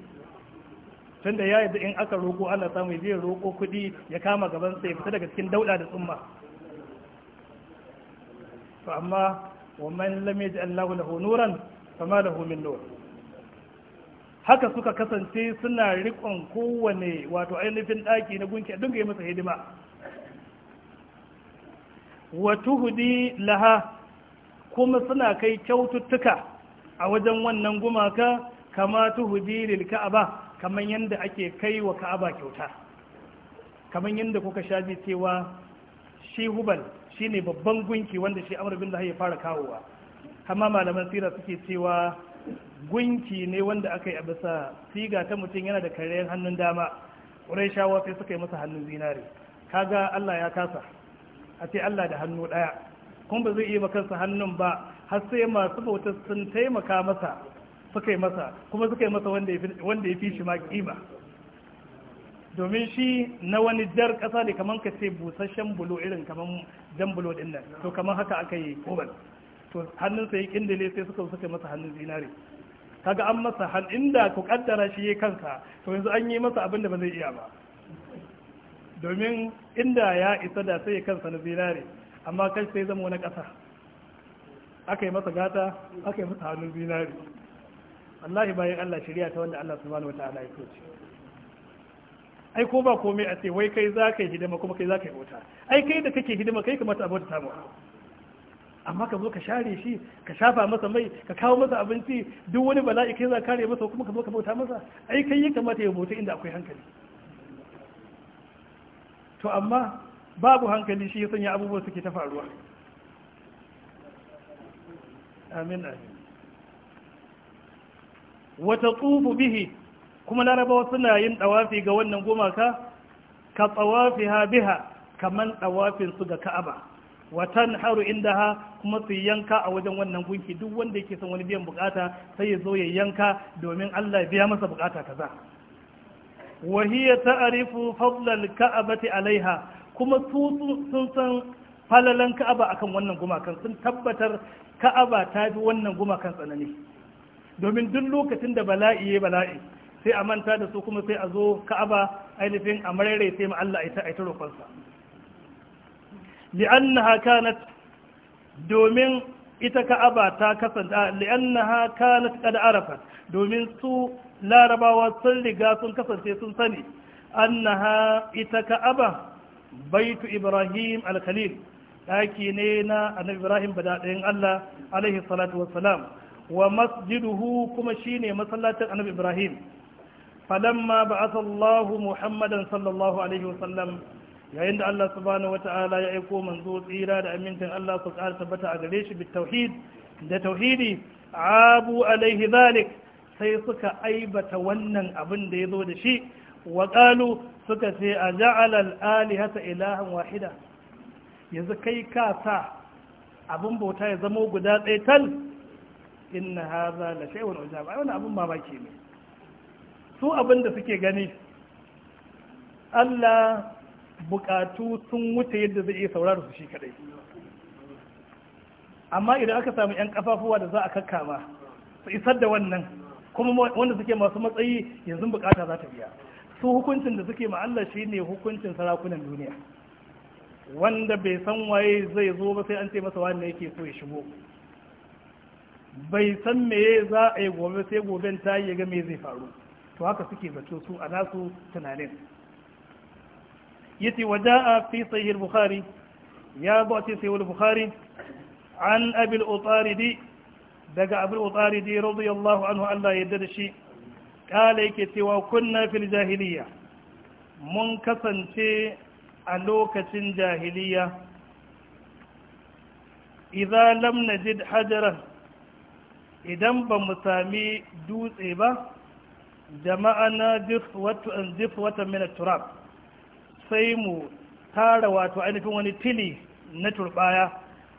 tunda ya yi in aka roko ana samu ya je ya roko kuɗi ya kama gaban sai fita daga cikin dauda da tsumma to amma wa man lam yaj Allahu lahu nuran fama lahu min nur haka suka kasance suna rikon kowane wato ainihin ɗaki na gunki dinga yi masa hidima wa tuhdi laha kuma suna kai kyaututtuka a wajen wannan gumaka kama tuhudi lil ka'aba kamar yadda ake kai wa ka'aba kyauta Kamar yadda kuka sha ji cewa shi hubal shi ne babban gunki wanda shi amr bin ya fara kawowa amma malaman tsira suke cewa gunki ne wanda aka yi a bisa siga ta mutum yana da karyar hannun dama shawa sai suka yi masa hannun zinare kaga Allah ya kasa a ce Allah da hannu ɗaya kuma ba zai iya makansa hannun ba har sai masu bauta sun taimaka masa suka yi masa kuma suka yi masa wanda ya fi shi ma kima domin shi na wani jar ƙasa ne kamar ka ce busasshen bulo irin kamar jan bulo din nan to kamar haka aka yi koban to hannun ya kindile sai suka suka masa hannun zinare kaga an masa han inda ku kaddara shi ya kansa to yanzu an yi masa abin da ba zai iya ba domin inda ya isa da sai ya kansa na zinare amma kai sai zama wani ƙasa aka yi masa gata aka yi masa hannun zinari ya bayan Allah shirya ta wanda Allah subhanahu wa ta'ala ya so ce ai ko ba komai a ce wai kai za ka yi hidima kuma kai za ka yi wuta ai kai da kake hidima kai kamata abota samu amma ka zo ka share shi ka shafa masa mai ka kawo masa abinci duk wani bala'i kai za ka kare masa kuma ka zo ka bauta masa ai kai ya kamata ya bauta inda akwai hankali to amma babu hankali shi ya sanya abubuwa suke ta faruwa amin amin wata tsufu bihi kuma larabawa suna yin tsawafi ga wannan gomaka, ka tsawafi ha biha kaman su ga ka'aba watan haru inda ha kuma su yanka a wajen wannan gunki duk wanda yake son wani biyan bukata sai ya zo ya yanka domin Allah biya masa bukata kaza wa ta'arifu ta'rifu fadlal ka'abati alaiha kuma su sun san falalan ka'aba akan wannan gumakan sun tabbatar ka'aba ta fi wannan gumakan tsanani domin duk lokacin da bala'i ya bala'i sai a manta da su kuma sai a zo ka'aba ainihin a marairai sai ma Allah ita ita roƙonsa li'annaha kanat domin ita ka'aba ta kasanta li'annaha kanat qad arafat domin su larabawa sun riga sun kasance sun sani annaha ita ka'aba baitu ibrahim al-khalil ɗaki ne na annabi ibrahim badaɗayin allah alaihi salatu wassalam wa masjiduhu kuma shine masallacin annabi ibrahim falamma ba'atha allah muhammadan sallallahu alaihi wasallam yayin da allah subhanahu wata'ala ya aiko manzo tsira da amincin allah su ƙara tabbata a gare shi bitauhid da tauhidi abu alaihi zalik sai suka aibata wannan abin da ya zo da shi Waƙalu suka ce a ja'ala al'alihata ilahan wahida yanzu kai ka sa abin bauta ya zama guda ɗaya tal inna haza la shay'un ujab ai wannan abin mamaki ne su abin da suke gani Allah bukatu sun wuce yadda zai iya saurara su shi kadai amma idan aka samu yan kafafuwa da za a kakkama su isar da wannan kuma wanda suke masu matsayi yanzu bukata za ta biya su hukuncin da suke ma'alla shi ne hukuncin sarakunan duniya wanda bai san waye zai zo ba sai an ce masa wanda yake so ya shigo bai san meye za a yi gobe sai goben ta yi ga me zai faru to haka suke zato su a nasu tunanin yace a fi sahih bukhari ya zo a cikin bukhari an abi utaridi daga abi al-utaridi radiyallahu anhu Allah ya yarda da shi kala yake cewa kunna fil jahiliya mun kasance a lokacin jahiliya idza lam najid hajaran idan ba mu sami dutse ba jama'a na jif wata mina turab sai mu tara wato ainihin wani tili na turbaya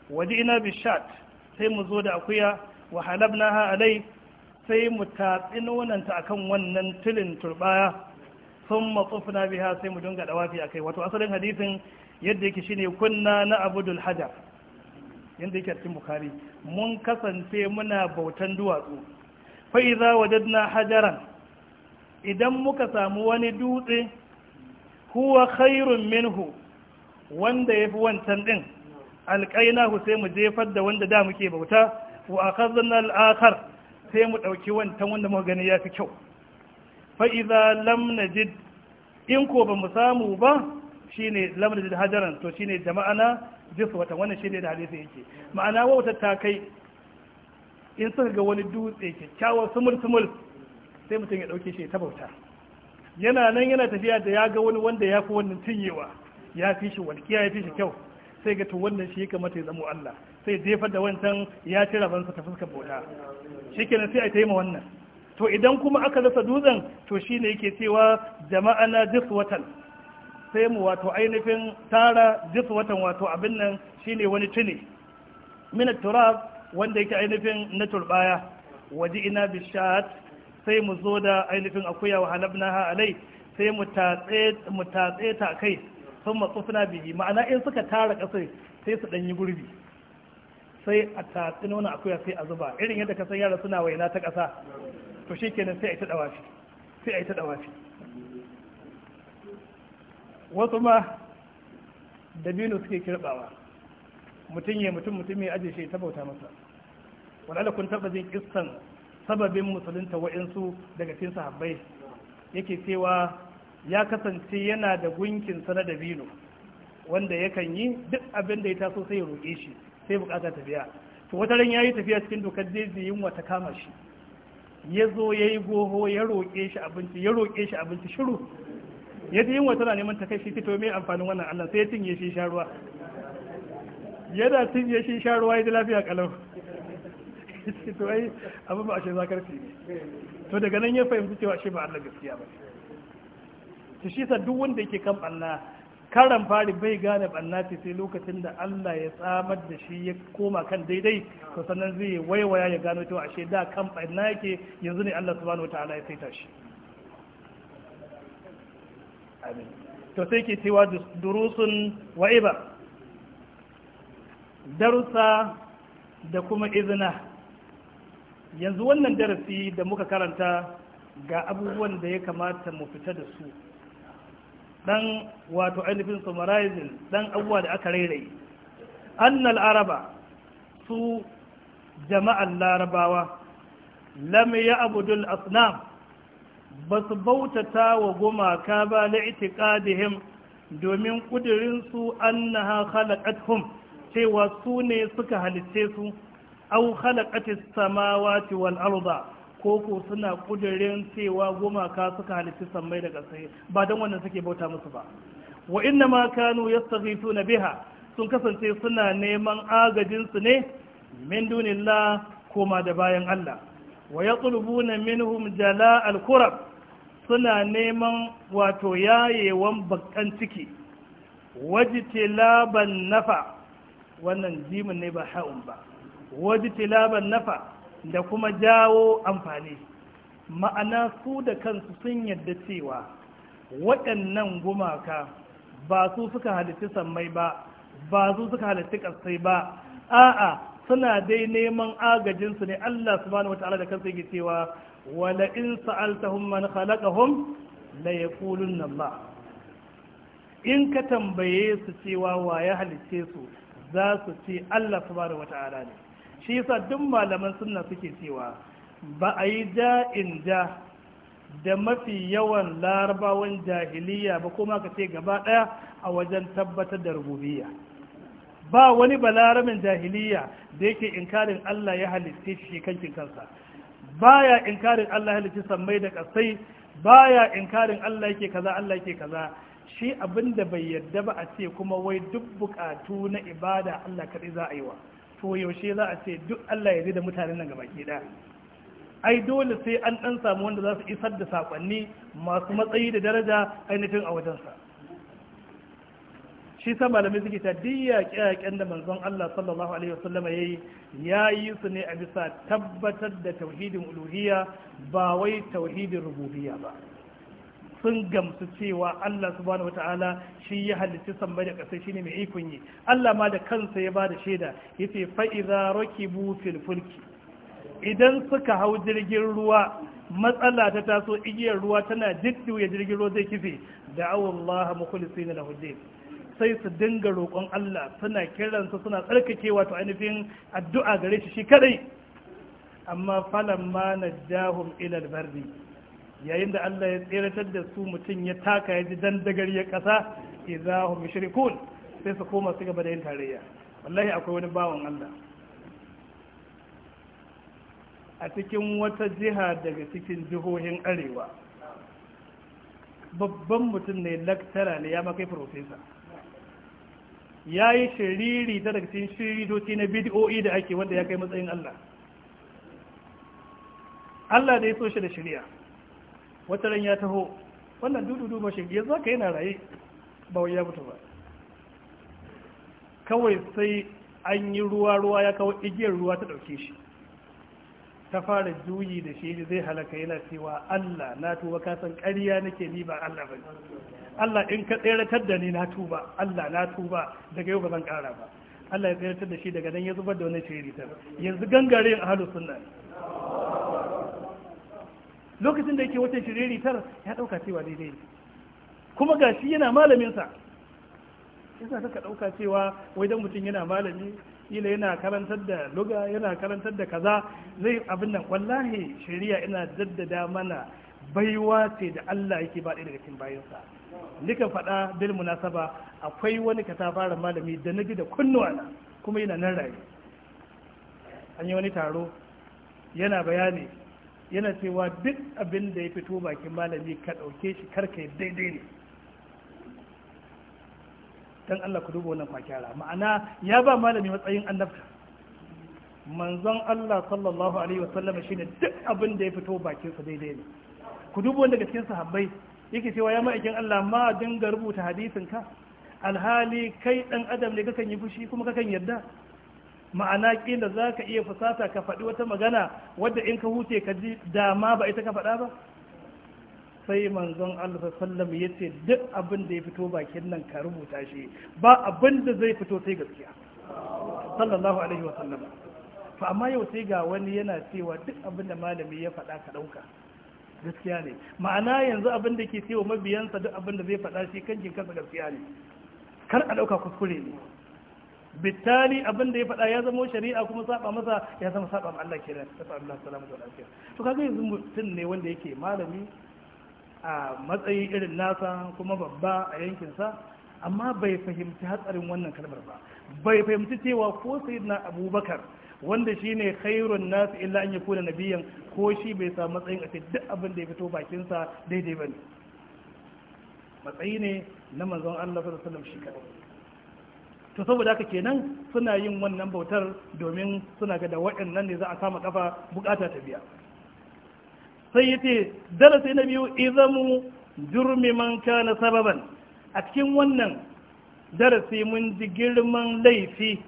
waje ina bishat sai mu zo da akuya wa halabna ha alai sai mu tatsi nonanta akan wannan tilin turbaya sun matsufna biha sai mu dinga a akai wato asalin hadisin yadda yake shine kunna na abudul hajar yadda yake cikin bukari mun kasance muna bautan duwatsu Fa'iza idza wajadna hajaran idan muka samu wani dutse huwa khairun minhu wanda yafi wancan din alqainahu sai mu jefar da wanda da muke bauta wa akhadna al-akhar sai mu ɗauki wantan wanda muka gani ya fi kyau fa'iza lamnajid in ko ba mu samu ba shi ne lamnajid hajaran to shi ne da jisu wata wannan shi ne da hadisi yake ma'ana wata ta kai in suka ga wani dutse kyakkyawar sumul-sumul sai mutum ya ɗauke shi ta bauta yana nan yana tafiya da ya ga wani wanda ya fi wannan cinyewa ya fi shi walƙiya ya fi shi kyau sai ga to wannan shi ya kamata ya zamo Allah sai jefar da wancan ya ci rabansa ta fuskar bauta kenan sai a ma wannan to idan kuma aka rasa dutsen to shine yake cewa jama'a na jiswatan sai mu wato ainihin tara jiswatan wato abin nan shine wani tuni minat turab wanda yake ainihin na turbaya waje ina bishat sai mu zo da ainihin akuya wa ha alai sai mu tatse ta kai sun matsufina bihi ma'ana in suka tara kasai sai su ɗanyi gurbi sai a tatsi nuna akuya sai a zuba irin yadda ka san yara suna waina ta ƙasa to shi kenan sai a yi ta sai a yi ta dawafi wasu ma dabino suke kirbawa mutum ya mutum mutum ya aje shi ta bauta masa wala kun taba jin kissan sababin musulunta wa'insu daga cikin sahabbai yake cewa ya kasance yana da gunkin sa na dabino wanda yakan yi duk abin da ya taso sai ya roƙe shi sai bukata tafiya. to wata ran yayi tafiya cikin dokar jeji yunwa ta kama shi ya zo ya yi goho ya roƙe shi abinci ya roƙe shi abinci shiru ya ji yunwa tana neman ta kai shi fito mai amfanin wannan Allah sai ya cinye shi sha ruwa yana cinye shi sha ruwa ya ji lafiya kalau to ai abin ba a shiga karfi to daga nan ya fahimci cewa shi ba Allah gaskiya ba to shi sa duk wanda yake kan Allah karan fari bai gane banna sai lokacin da Allah ya tsamar da shi ya koma kan daidai to sannan zai yi waiwaya ya gano cewa ashe da kan banna yake yanzu ne Allah subhanahu wataala ya saita shi amin to sai ke cewa durusun wa'iba darusa da kuma izina yanzu wannan darasi da muka karanta ga abubuwan da ya kamata mu fita da su dan wato ainihin summarizing dan abubuwa da aka rairaye annal araba su jama'an larabawa lam ya abudul asnam ba su bautata wa gumaka ba na itikadihim domin ƙudurinsu annaha hum cewa su ne suka halitte su au khalaqatis samawa wal arda ko suna kudirin cewa gumaka suka halitta sammai daga sai ba don wannan suke bauta musu ba wa inna ma kanu yastaghithuna biha sun kasance suna neman agajin su ne min dunillah koma da bayan Allah wa yatlubuna minhum jala al-kurab suna neman wato yayewan bakkan ciki wajtilaban nafa wannan jimin ne ba ha'un ba wajtilaban nafa da kuma jawo amfani ma'ana su da kansu sun yadda cewa waɗannan gumaka ba su suka halittu sammai ba ba su suka halittu ƙasai ba a'a suna dai neman agajinsu ne Allah subhanahu wata'ala da kansa yake cewa wala in sa'altahum man khalaqahum la yaqulunna Allah in ka tambaye su cewa wa ya halitte su za su ce Allah subhanahu wata'ala ne shi yasa duk malaman sunna suke cewa ba a yi da'in da da mafi yawan larabawan jahiliya ba kuma ka ce gaba ɗaya a wajen tabbatar da rububiyya ba wani balaramin jahiliya da yake inkarin Allah ya halitta shi kankin kansa baya inkarin Allah ya halitta sammai da kasai baya inkarin Allah yake kaza Allah yake kaza shi abinda bai yarda ba a ce kuma wai duk bukatu na ibada Allah kadai za a yi wa to yaushe za a ce duk Allah ya da mutanen nan gabaki da. ai dole sai an ɗan samu wanda za su isar da sakonni masu matsayi da daraja ainihin a wajensa shi sa malamai suke ta diya yaƙen da manzon Allah sallallahu alaihi wasallama yayi ya yi su ne a bisa tabbatar da tauhidin uluhiyya ba wai tauhidin rububiyya ba sun gamsu cewa Allah subhanahu wataala shi ya halitta sammai da ƙasai shine mai ikon yi Allah ma da kansa ya bada shaida yace ce fa'iza rakibu bufin fulki idan suka hau jirgin ruwa matsala ta taso igiyar ruwa tana jidduya jirgin ruwa zai kife da'awu Allah mukhlisina na din sai su dinga roƙon Allah suna kiransa suna tsarkakewa to ainihin addu'a gare shi shi kadai amma falamma najahum ila albarri yayin da Allah ya tseratar da su mutum ya taka ya ji dandagar ya kasa idza hum yushrikun sai su koma su gaba da yin tarayya wallahi akwai wani bawan Allah a cikin wata jiha daga cikin jihohin arewa babban mutum ne laktara ne ya makai profesa ya yi shiriri ta daga cikin shiridoci na bidiyo'i da ake wanda ya kai matsayin Allah Allah da ya so shi da shirya wata ran ya taho wannan dududu ba shi yanzu haka yana raye ba wai ya mutu ba kawai sai an yi ruwa ruwa ya kawo igiyar ruwa ta ɗauke shi ta fara juyi da shi zai halaka yana cewa Allah na tuba ka san ƙarya nake ni ba Allah ba Allah in ka tseratar da ni na tuba Allah na tuba daga yau ba zan ƙara ba Allah ya tseratar da shi daga nan ya zubar da wani shiri ta yanzu gangare a halin sunna lokacin da yake wata shiriri tar ya ɗauka cewa daidai ne kuma ga shi yana malaminsa yasa suka ɗauka cewa wai dan mutum yana malami Ila yana karantar da luga yana karantar da kaza zai abin nan wallahi shari'a ina jaddada mana baiwa ce da Allah yake ba daga cikin bayansa nika faɗa bil munasaba akwai wani katafaren malami da naji da kunnuwana kuma yana nan rayu an yi wani taro yana bayani yana cewa duk abin da ya fito bakin malami ka ɗauke shi karka daidai ne don Allah ku duba wannan kwakyara ma'ana ya ba malami matsayin annabta manzon Allah sallallahu alaihi wasallama shine duk abin da ya fito bakin sa daidai ne ku duba wanda cikin sahabbai yake cewa ya ma'aikin Allah ma dinga rubuta hadisin ka alhali kai dan adam ne kakan yi fushi kuma kakan yarda ma'ana kila za ka iya fusata ka faɗi wata magana wadda in ka huce ka ji dama ba ita ka faɗa ba sai manzon Allah sallam ya ce duk abin da ya fito bakin nan ka rubuta shi ba abin da zai fito sai gaskiya sallallahu alaihi wa sallam fa amma yau sai ga wani yana cewa duk abin da malami ya faɗa ka ɗauka gaskiya ne ma'ana yanzu abin da ke cewa mabiyansa duk abin da zai faɗa shi kan kansa gaskiya ne kar a ɗauka kuskure ne bittali abin da ya faɗa ya zama shari'a kuma saba masa ya zama saba ma Allah kenan ta Allah salamu da lafiya to kaga yanzu mutum ne wanda yake malami a matsayi irin nasa kuma babba a yankinsa amma bai fahimci hatsarin wannan kalmar ba bai fahimci cewa ko sayyidina abubakar wanda shine khairun nasu illa an yakuna nabiyan ko shi bai samu matsayin a duk abin da ya fito bakinsa daidai bane matsayi ne na manzon Allah sallallahu alaihi wasallam shi kadai to saboda haka kenan suna yin wannan bautar domin suna ga da waɗannan ne za a samu kafa bukata ta biya sai yace darasi na biyu izamu jurmi man kana sababan a cikin wannan darasi mun ji girman laifi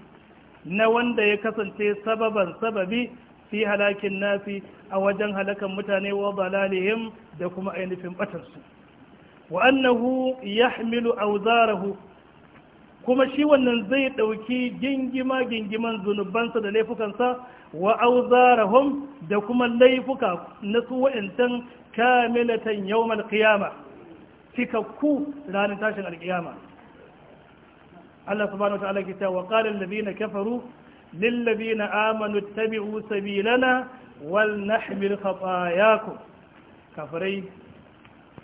na wanda ya kasance sababan sababi fi halakin nasi a wajen halakan mutane wa balalihim da kuma ainihin batarsu wa annahu yahmilu awzarahu kuma shi wannan zai ɗauki gingima gingiman zunubansa da laifukansa wa auzarahum da kuma laifuka na su wa'intan kamilatan yawmal qiyama cikakku ranar tashin alkiyama Allah subhanahu wataala ke cewa qala allazina kafaru lil ladina amanu ittabi'u sabilana wal nahmil khatayakum kafirai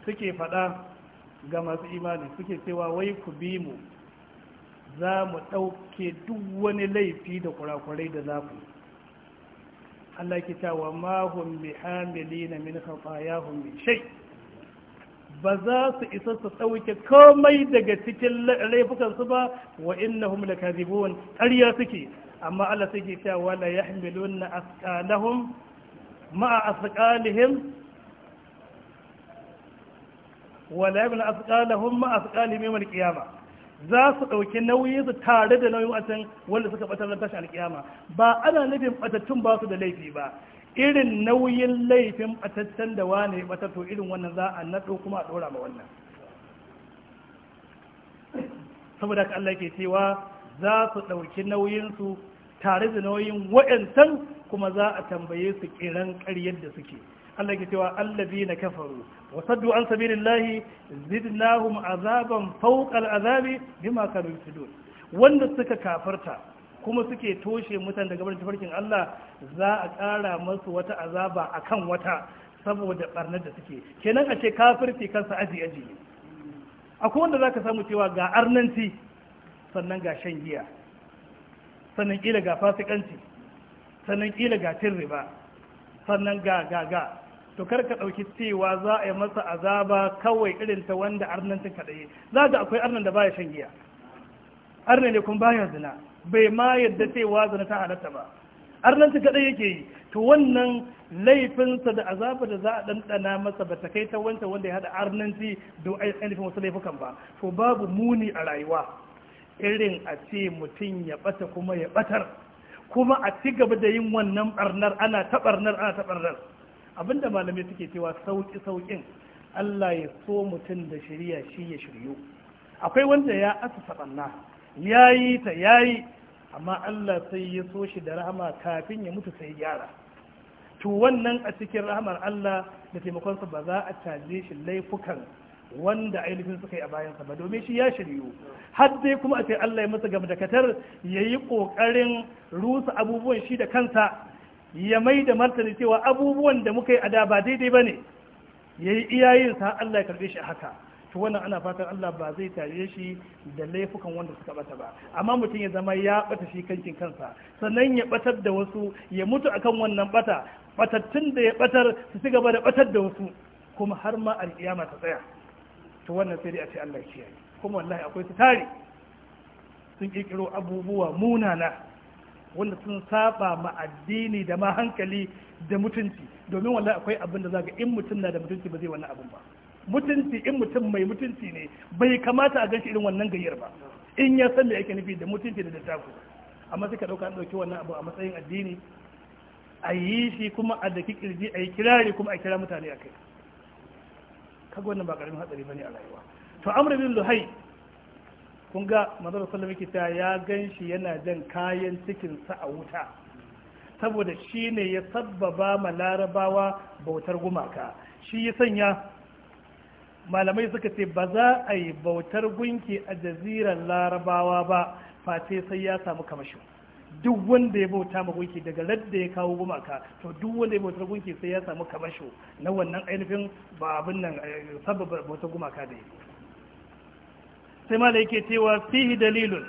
suke fada ga masu imani suke cewa wai ku bi mu za mu ɗauke duk wani laifi da kurakurai da za ku Allah ke cewa wa mahun bihamili na min khatayahum min shay ba za su isa su ɗauke komai daga cikin laifukansu ba wa innahum lakazibun ƙarya suke amma Allah suke ke ta ya la yahmiluna asqalahum ma'a asqalihim wa la yahmiluna asqalahum ma'a asqalihim yawm al-qiyamah za su ɗauki nauyi su tare da nauyin watan wanda suka ɓatar na tashin alƙiyama ba ana nufin ɓatattun ba su da laifi ba irin nauyin laifin ɓatattun da wane ya irin wannan za a naɗo kuma a ɗora ma wannan saboda ka Allah ke cewa za su ɗauki nauyin su tare da nauyin wayantan kuma za a tambaye su ƙiran ƙaryar da suke Allah ke cewa na kafaru wa saddu an sabilillahi zidnahum azaban fawqa azabi, bima kanu yufsidun wanda suka kafarta kuma suke toshe mutan daga barin tafarkin Allah za a ƙara masu wata azaba akan wata saboda barnar da suke kenan a ce kafirci kansa aji aji akwai wanda zaka samu cewa ga arnanci sannan ga shan giya sannan kila ga fasikanci sannan kila ga cin riba sannan ga ga ga to kar ka ɗauki cewa za a yi masa azaba kawai irin ta wanda ta kaɗai za ga akwai arnan da baya shan giya Arnan ne kuma baya zina bai ma yadda cewa zina ta halatta ba ta kaɗai yake yi to wannan laifinsa da azaba da za a ɗanɗana masa ba ta kai ta wanda wanda ya haɗa arnanci don ainihin wasu laifukan ba to babu muni a rayuwa irin a ce mutum ya bata kuma ya batar kuma a ci gaba da yin wannan barnar ana ta barnar ana ta barnar abinda malamai suke cewa sauki saukin Allah ya so mutum da shirya shi ya shiryo. akwai wanda ya asasa barna yayi ta yayi amma Allah sai ya so shi da rahama kafin ya mutu sai gyara to wannan a cikin rahamar Allah da taimakonsa ba za a caje shi laifukan wanda ainihin suka yi a bayansa ba domin shi ya shiryu har dai kuma a ce Allah ya masa gamdakatar ya yi ƙoƙarin rusa abubuwan shi da kansa ya mai da martani cewa abubuwan da muka yi a da ba daidai ba ne ya yi sa Allah ya karbe shi haka to wannan ana fatan Allah ba zai tare shi da laifukan wanda suka bata ba amma mutum ya zama ya bata shi kankin kansa sannan ya batar da wasu ya mutu akan wannan bata batattun da ya batar su ci gaba da batar da wasu kuma har ma ta tsaya to wannan sai dai a ce Allah kiyaye kuma wallahi akwai su tare sun kirkiro abubuwa munana wanda sun saba ma addini da ma hankali da mutunci domin wallahi akwai abin da ga in mutum na da mutunci ba zai wannan abin ba mutunci in mutum mai mutunci ne bai kamata a ganshi irin wannan gayyar ba in ya san me yake nufi da mutunci da dattaku amma suka dauka an dauki wannan abu a matsayin addini a yi shi kuma a daki kirji a yi kirari kuma a kira mutane a kai kaga wannan ba karamin hatsari bane a rayuwa to amr bin luhai kun ga manzon sallallahu alaihi wasallam ya ganshi yana jan kayan cikin sa a wuta saboda shine ya sabbaba ma larabawa bautar gumaka shi ya sanya malamai suka ce ba za a yi bautar gunki a jaziran larabawa ba face sai ya samu kamashi duk wanda ya bauta ma gunki daga ladda ya kawo gumaka to duk wanda ya bauta gunki sai ya samu kamasho na wannan ainihin ba abin nan eh, sababa bauta gumaka da yake sai ma da yake cewa fihi dalilun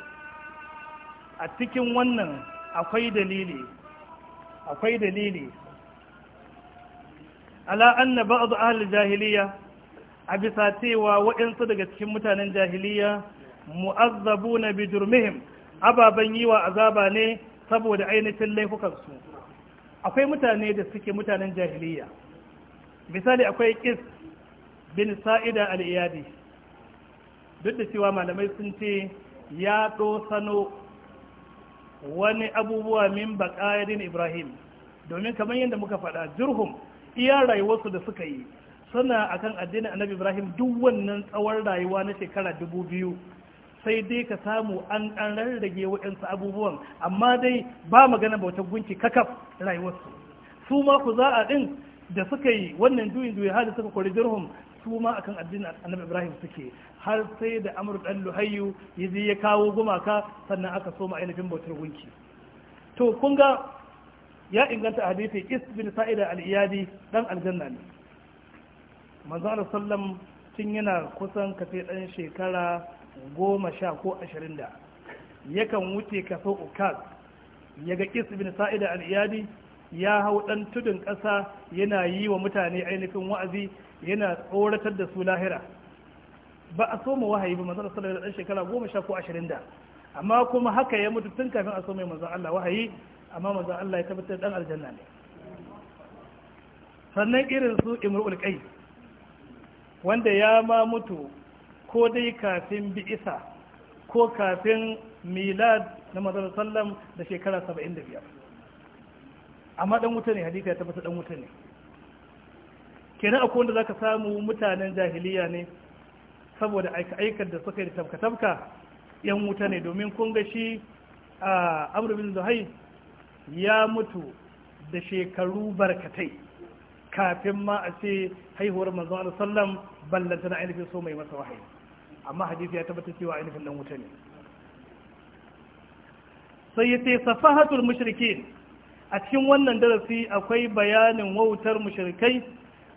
a cikin wannan akwai dalili akwai dalili ala anna ba'd ahli jahiliya a bisa cewa waɗansu daga cikin mutanen jahiliya mu'azzabuna bi jurmihim ababen yi wa azaba ne saboda ainihin laifukansu akwai mutane da suke mutanen jahiliya misali akwai kis bin sa'ida al'iyadi duk da cewa malamai sun ce ya sano wani abubuwa min bakayarin ibrahim domin kamar yadda muka faɗa jurhum iya rayuwarsu da suka yi suna akan addinin annabi ibrahim duk wannan tsawon rayuwa na shekara dubu biyu sai dai ka samu an ɗan rarrage waɗansu abubuwan amma dai ba magana bautar gunki kakaf rayuwarsu su ma ku za a ɗin da suka yi wannan juyin juyi hali suka kori jirhum su ma a akan addinin annabi ibrahim suke har sai da amur ɗan luhayyu ya je ya kawo gumaka sannan aka so ma ainihin bautar gunki to kun ga ya inganta hadisi is bin sa'ida al-iyadi dan aljanna ne manzo sallam tun yana kusan kafe ɗan shekara goma sha ko ashirin da yakan wuce kaso ukaz ya ga kis bin sa'ida al'iyadi ya hau ɗan tudun ƙasa yana yi wa mutane ainihin wa'azi yana tsoratar da su lahira ba a soma wahayi ba manzon sallallahu alaihi shekara goma sha ko ashirin da amma kuma haka ya mutu tun kafin a soma manzon Allah wahayi amma manzon Allah ya tabbatar dan aljanna ne sannan irin su imrul qais wanda ya ma mutu ko dai kafin bi'isa ko kafin milad na mazan sallam da shekara 75 amma dan wuta ne hadita ya tabbata dan wuta ne kenan akwai wanda za ka samu mutanen jahiliya ne saboda aika-aikar da suka yi da tabka-tabka yan wuta ne domin kun ga shi a amurbin zuhai ya mutu da shekaru barkatai kafin ma a ce haihuwar manzon sallam ballanta na ainihin so mai masa wahayi amma hadisi ya tabbata cewa ainihin nan wuta ne sai ya ce safahatul mushrikin a cikin wannan darasi akwai bayanin wautar mushrikai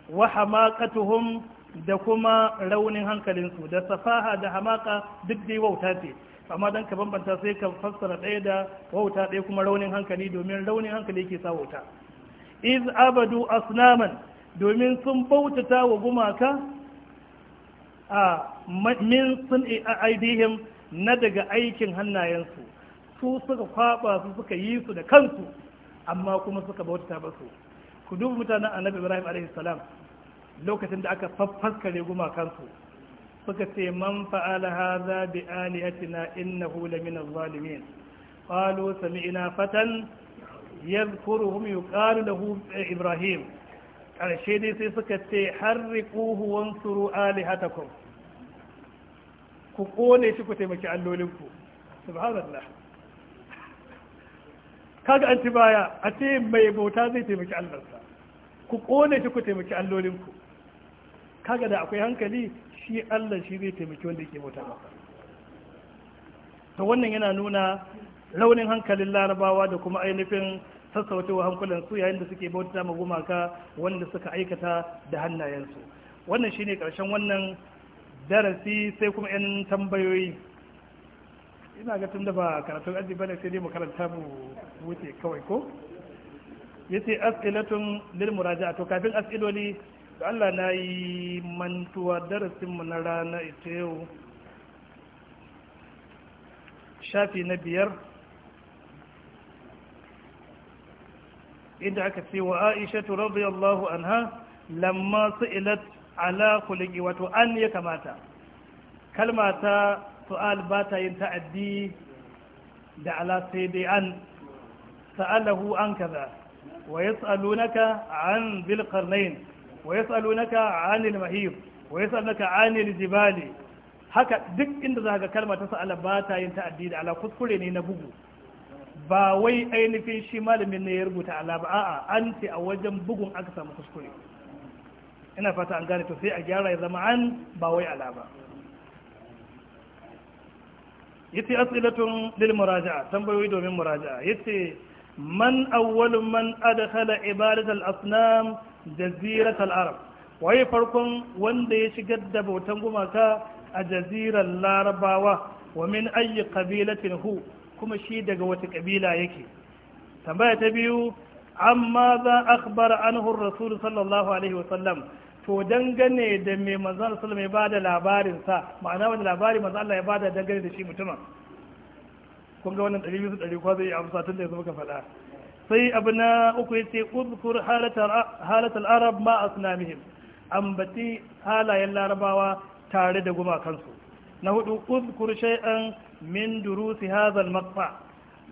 wa hamaqatuhum da kuma raunin hankalinsu da safaha da hamaka duk dai wauta ce amma dan ka bambanta sai ka fassara ɗaya da wauta ɗaya kuma raunin hankali domin raunin hankali yake sa wauta iz abadu asnaman domin sun bautata wa gumaka min sun aidihim na daga aikin hannayensu su suka kwaba su suka yi su da kansu amma kuma suka bauta ba su ku duba mutanen annabi ibrahim alaihi salam lokacin da aka faffaskare gumakansu suka ce man fa'ala hadha bi alihatina innahu lamina zalimin qalu sami'na fatan yadhkuruhum da lahu ibrahim ƙarshe dai sai suka ce harri harriquhu wansuru alihatakum ku kone shi ku taimaki allolinku subhanallah kaga an ci baya a ce mai bauta zai taimaki allonsa, ku kone shi ku taimaki allolinku kaga da akwai hankali shi allah shi zai taimaki wanda yake bauta masa to wannan yana nuna raunin hankalin larabawa da kuma ainihin sassautawa hankulansu su yayin da suke bauta ma gumaka wanda suka aikata da hannayensu wannan shine karshen wannan darasi sai kuma yan tambayoyi ina ga tun da ba karatun aji bane sai dai makaranta karanta mu wuce kawai ko ya ce as'ilatun lil muraja'a to kafin as'iloli da Allah na yi mantuwa darasin mu na rana ita yau shafi na biyar inda aka ce wa aisha tu radiyallahu anha lamma su'ilat ala kulli wato an ya kamata kalma ta su'al ba ta yin ta'addi da ala sai dai an sa'alahu an kaza wa yas'alunaka an bil qarnayn wa yas'alunaka an al mahib wa yas'alunaka an al jibali haka duk inda za ka kalma ta sa'ala ba ta yin ta'addi da ala kuskure ne na bugu ba wai ainihin shi malamin ne ya rubuta alaba a'a an ce a wajen bugun aka samu kuskure ina fata an gane to sai a gyara ya zama an ba wai alaba. yace as'ilatun lil muraja'a tambayoyi domin muraja'a yace man awwalu man adkhala ibadat al asnam jazirat al arab waye farkon wanda ya shigar da bautan gumaka a jazirar larabawa wa min ayyi qabilatin hu kuma shi daga wata kabila yake tambaya ta biyu amma za a an anhu rasul sallallahu alaihi wasallam to dangane da me manzon sallam ya bada labarin sa ma'ana wani labari manzon Allah ya bada dangane da shi mutumin kun ga wannan ɗari bisa ɗari kwa zai amsa tun da zama ka faɗa sai abu na uku ya ce uzkur halatar arab ma an ambaci halayen larabawa tare da gumakansu na hudu uzkur shay'an min durusi hazal maqfa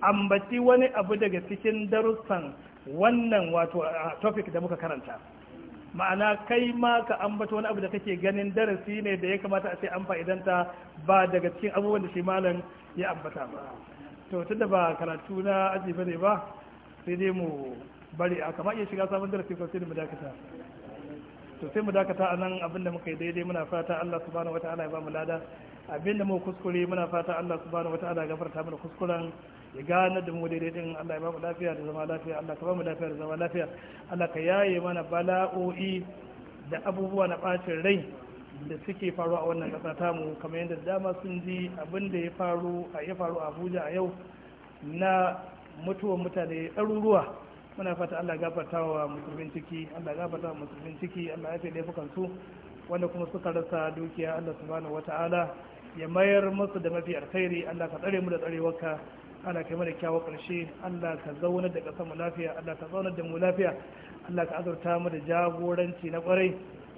ambaci wani abu daga cikin darussan wannan wato topic da muka karanta ma'ana kai ma ka ambata wani abu da kake ganin darasi ne da ya kamata a ce an fa'idanta ba daga cikin abubuwan da shi malam ya ambata ba to tunda ba karatu na aji ba ne ba sai dai mu bari a kama iya shiga sabon darasi ko sai mu dakata to sai mu dakata a nan abinda muka yi daidai muna fata Allah subhanahu wataala ya ba mu lada abinda mu kuskure muna fata Allah subhanahu wataala ya gafarta mana kuskuren ya gane da mu daidai din Allah ya ba mu lafiya da zama lafiya Allah ka ba mu lafiya da zama lafiya Allah ka yaye mana bala'o'i da abubuwa na bacin rai da suke faru a wannan kasa mu kamar yadda dama sun ji abin da ya faru a ya faru a Abuja a yau na mutuwar mutane ɗaruruwa muna fata Allah gafarta wa musulmin ciki Allah gafarta wa musulmin ciki Allah ya fi laifukan su wanda kuma suka rasa dukiya Allah subhanahu wataala ya mayar musu da mafi alkhairi Allah ka tsare mu da tsarewarka Allah ka mana kyawu karshe Allah ka zaunar da ƙasar mu lafiya Allah ka zaunar da mu lafiya Allah ka azurta mu da jagoranci na kwarai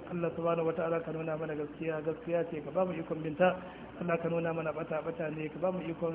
Allah subhanahu wata'ala ka nuna mana gaskiya gaskiya ce ka ba mu ikon binta Allah ka nuna mana bata bata ne ka ba mu ikon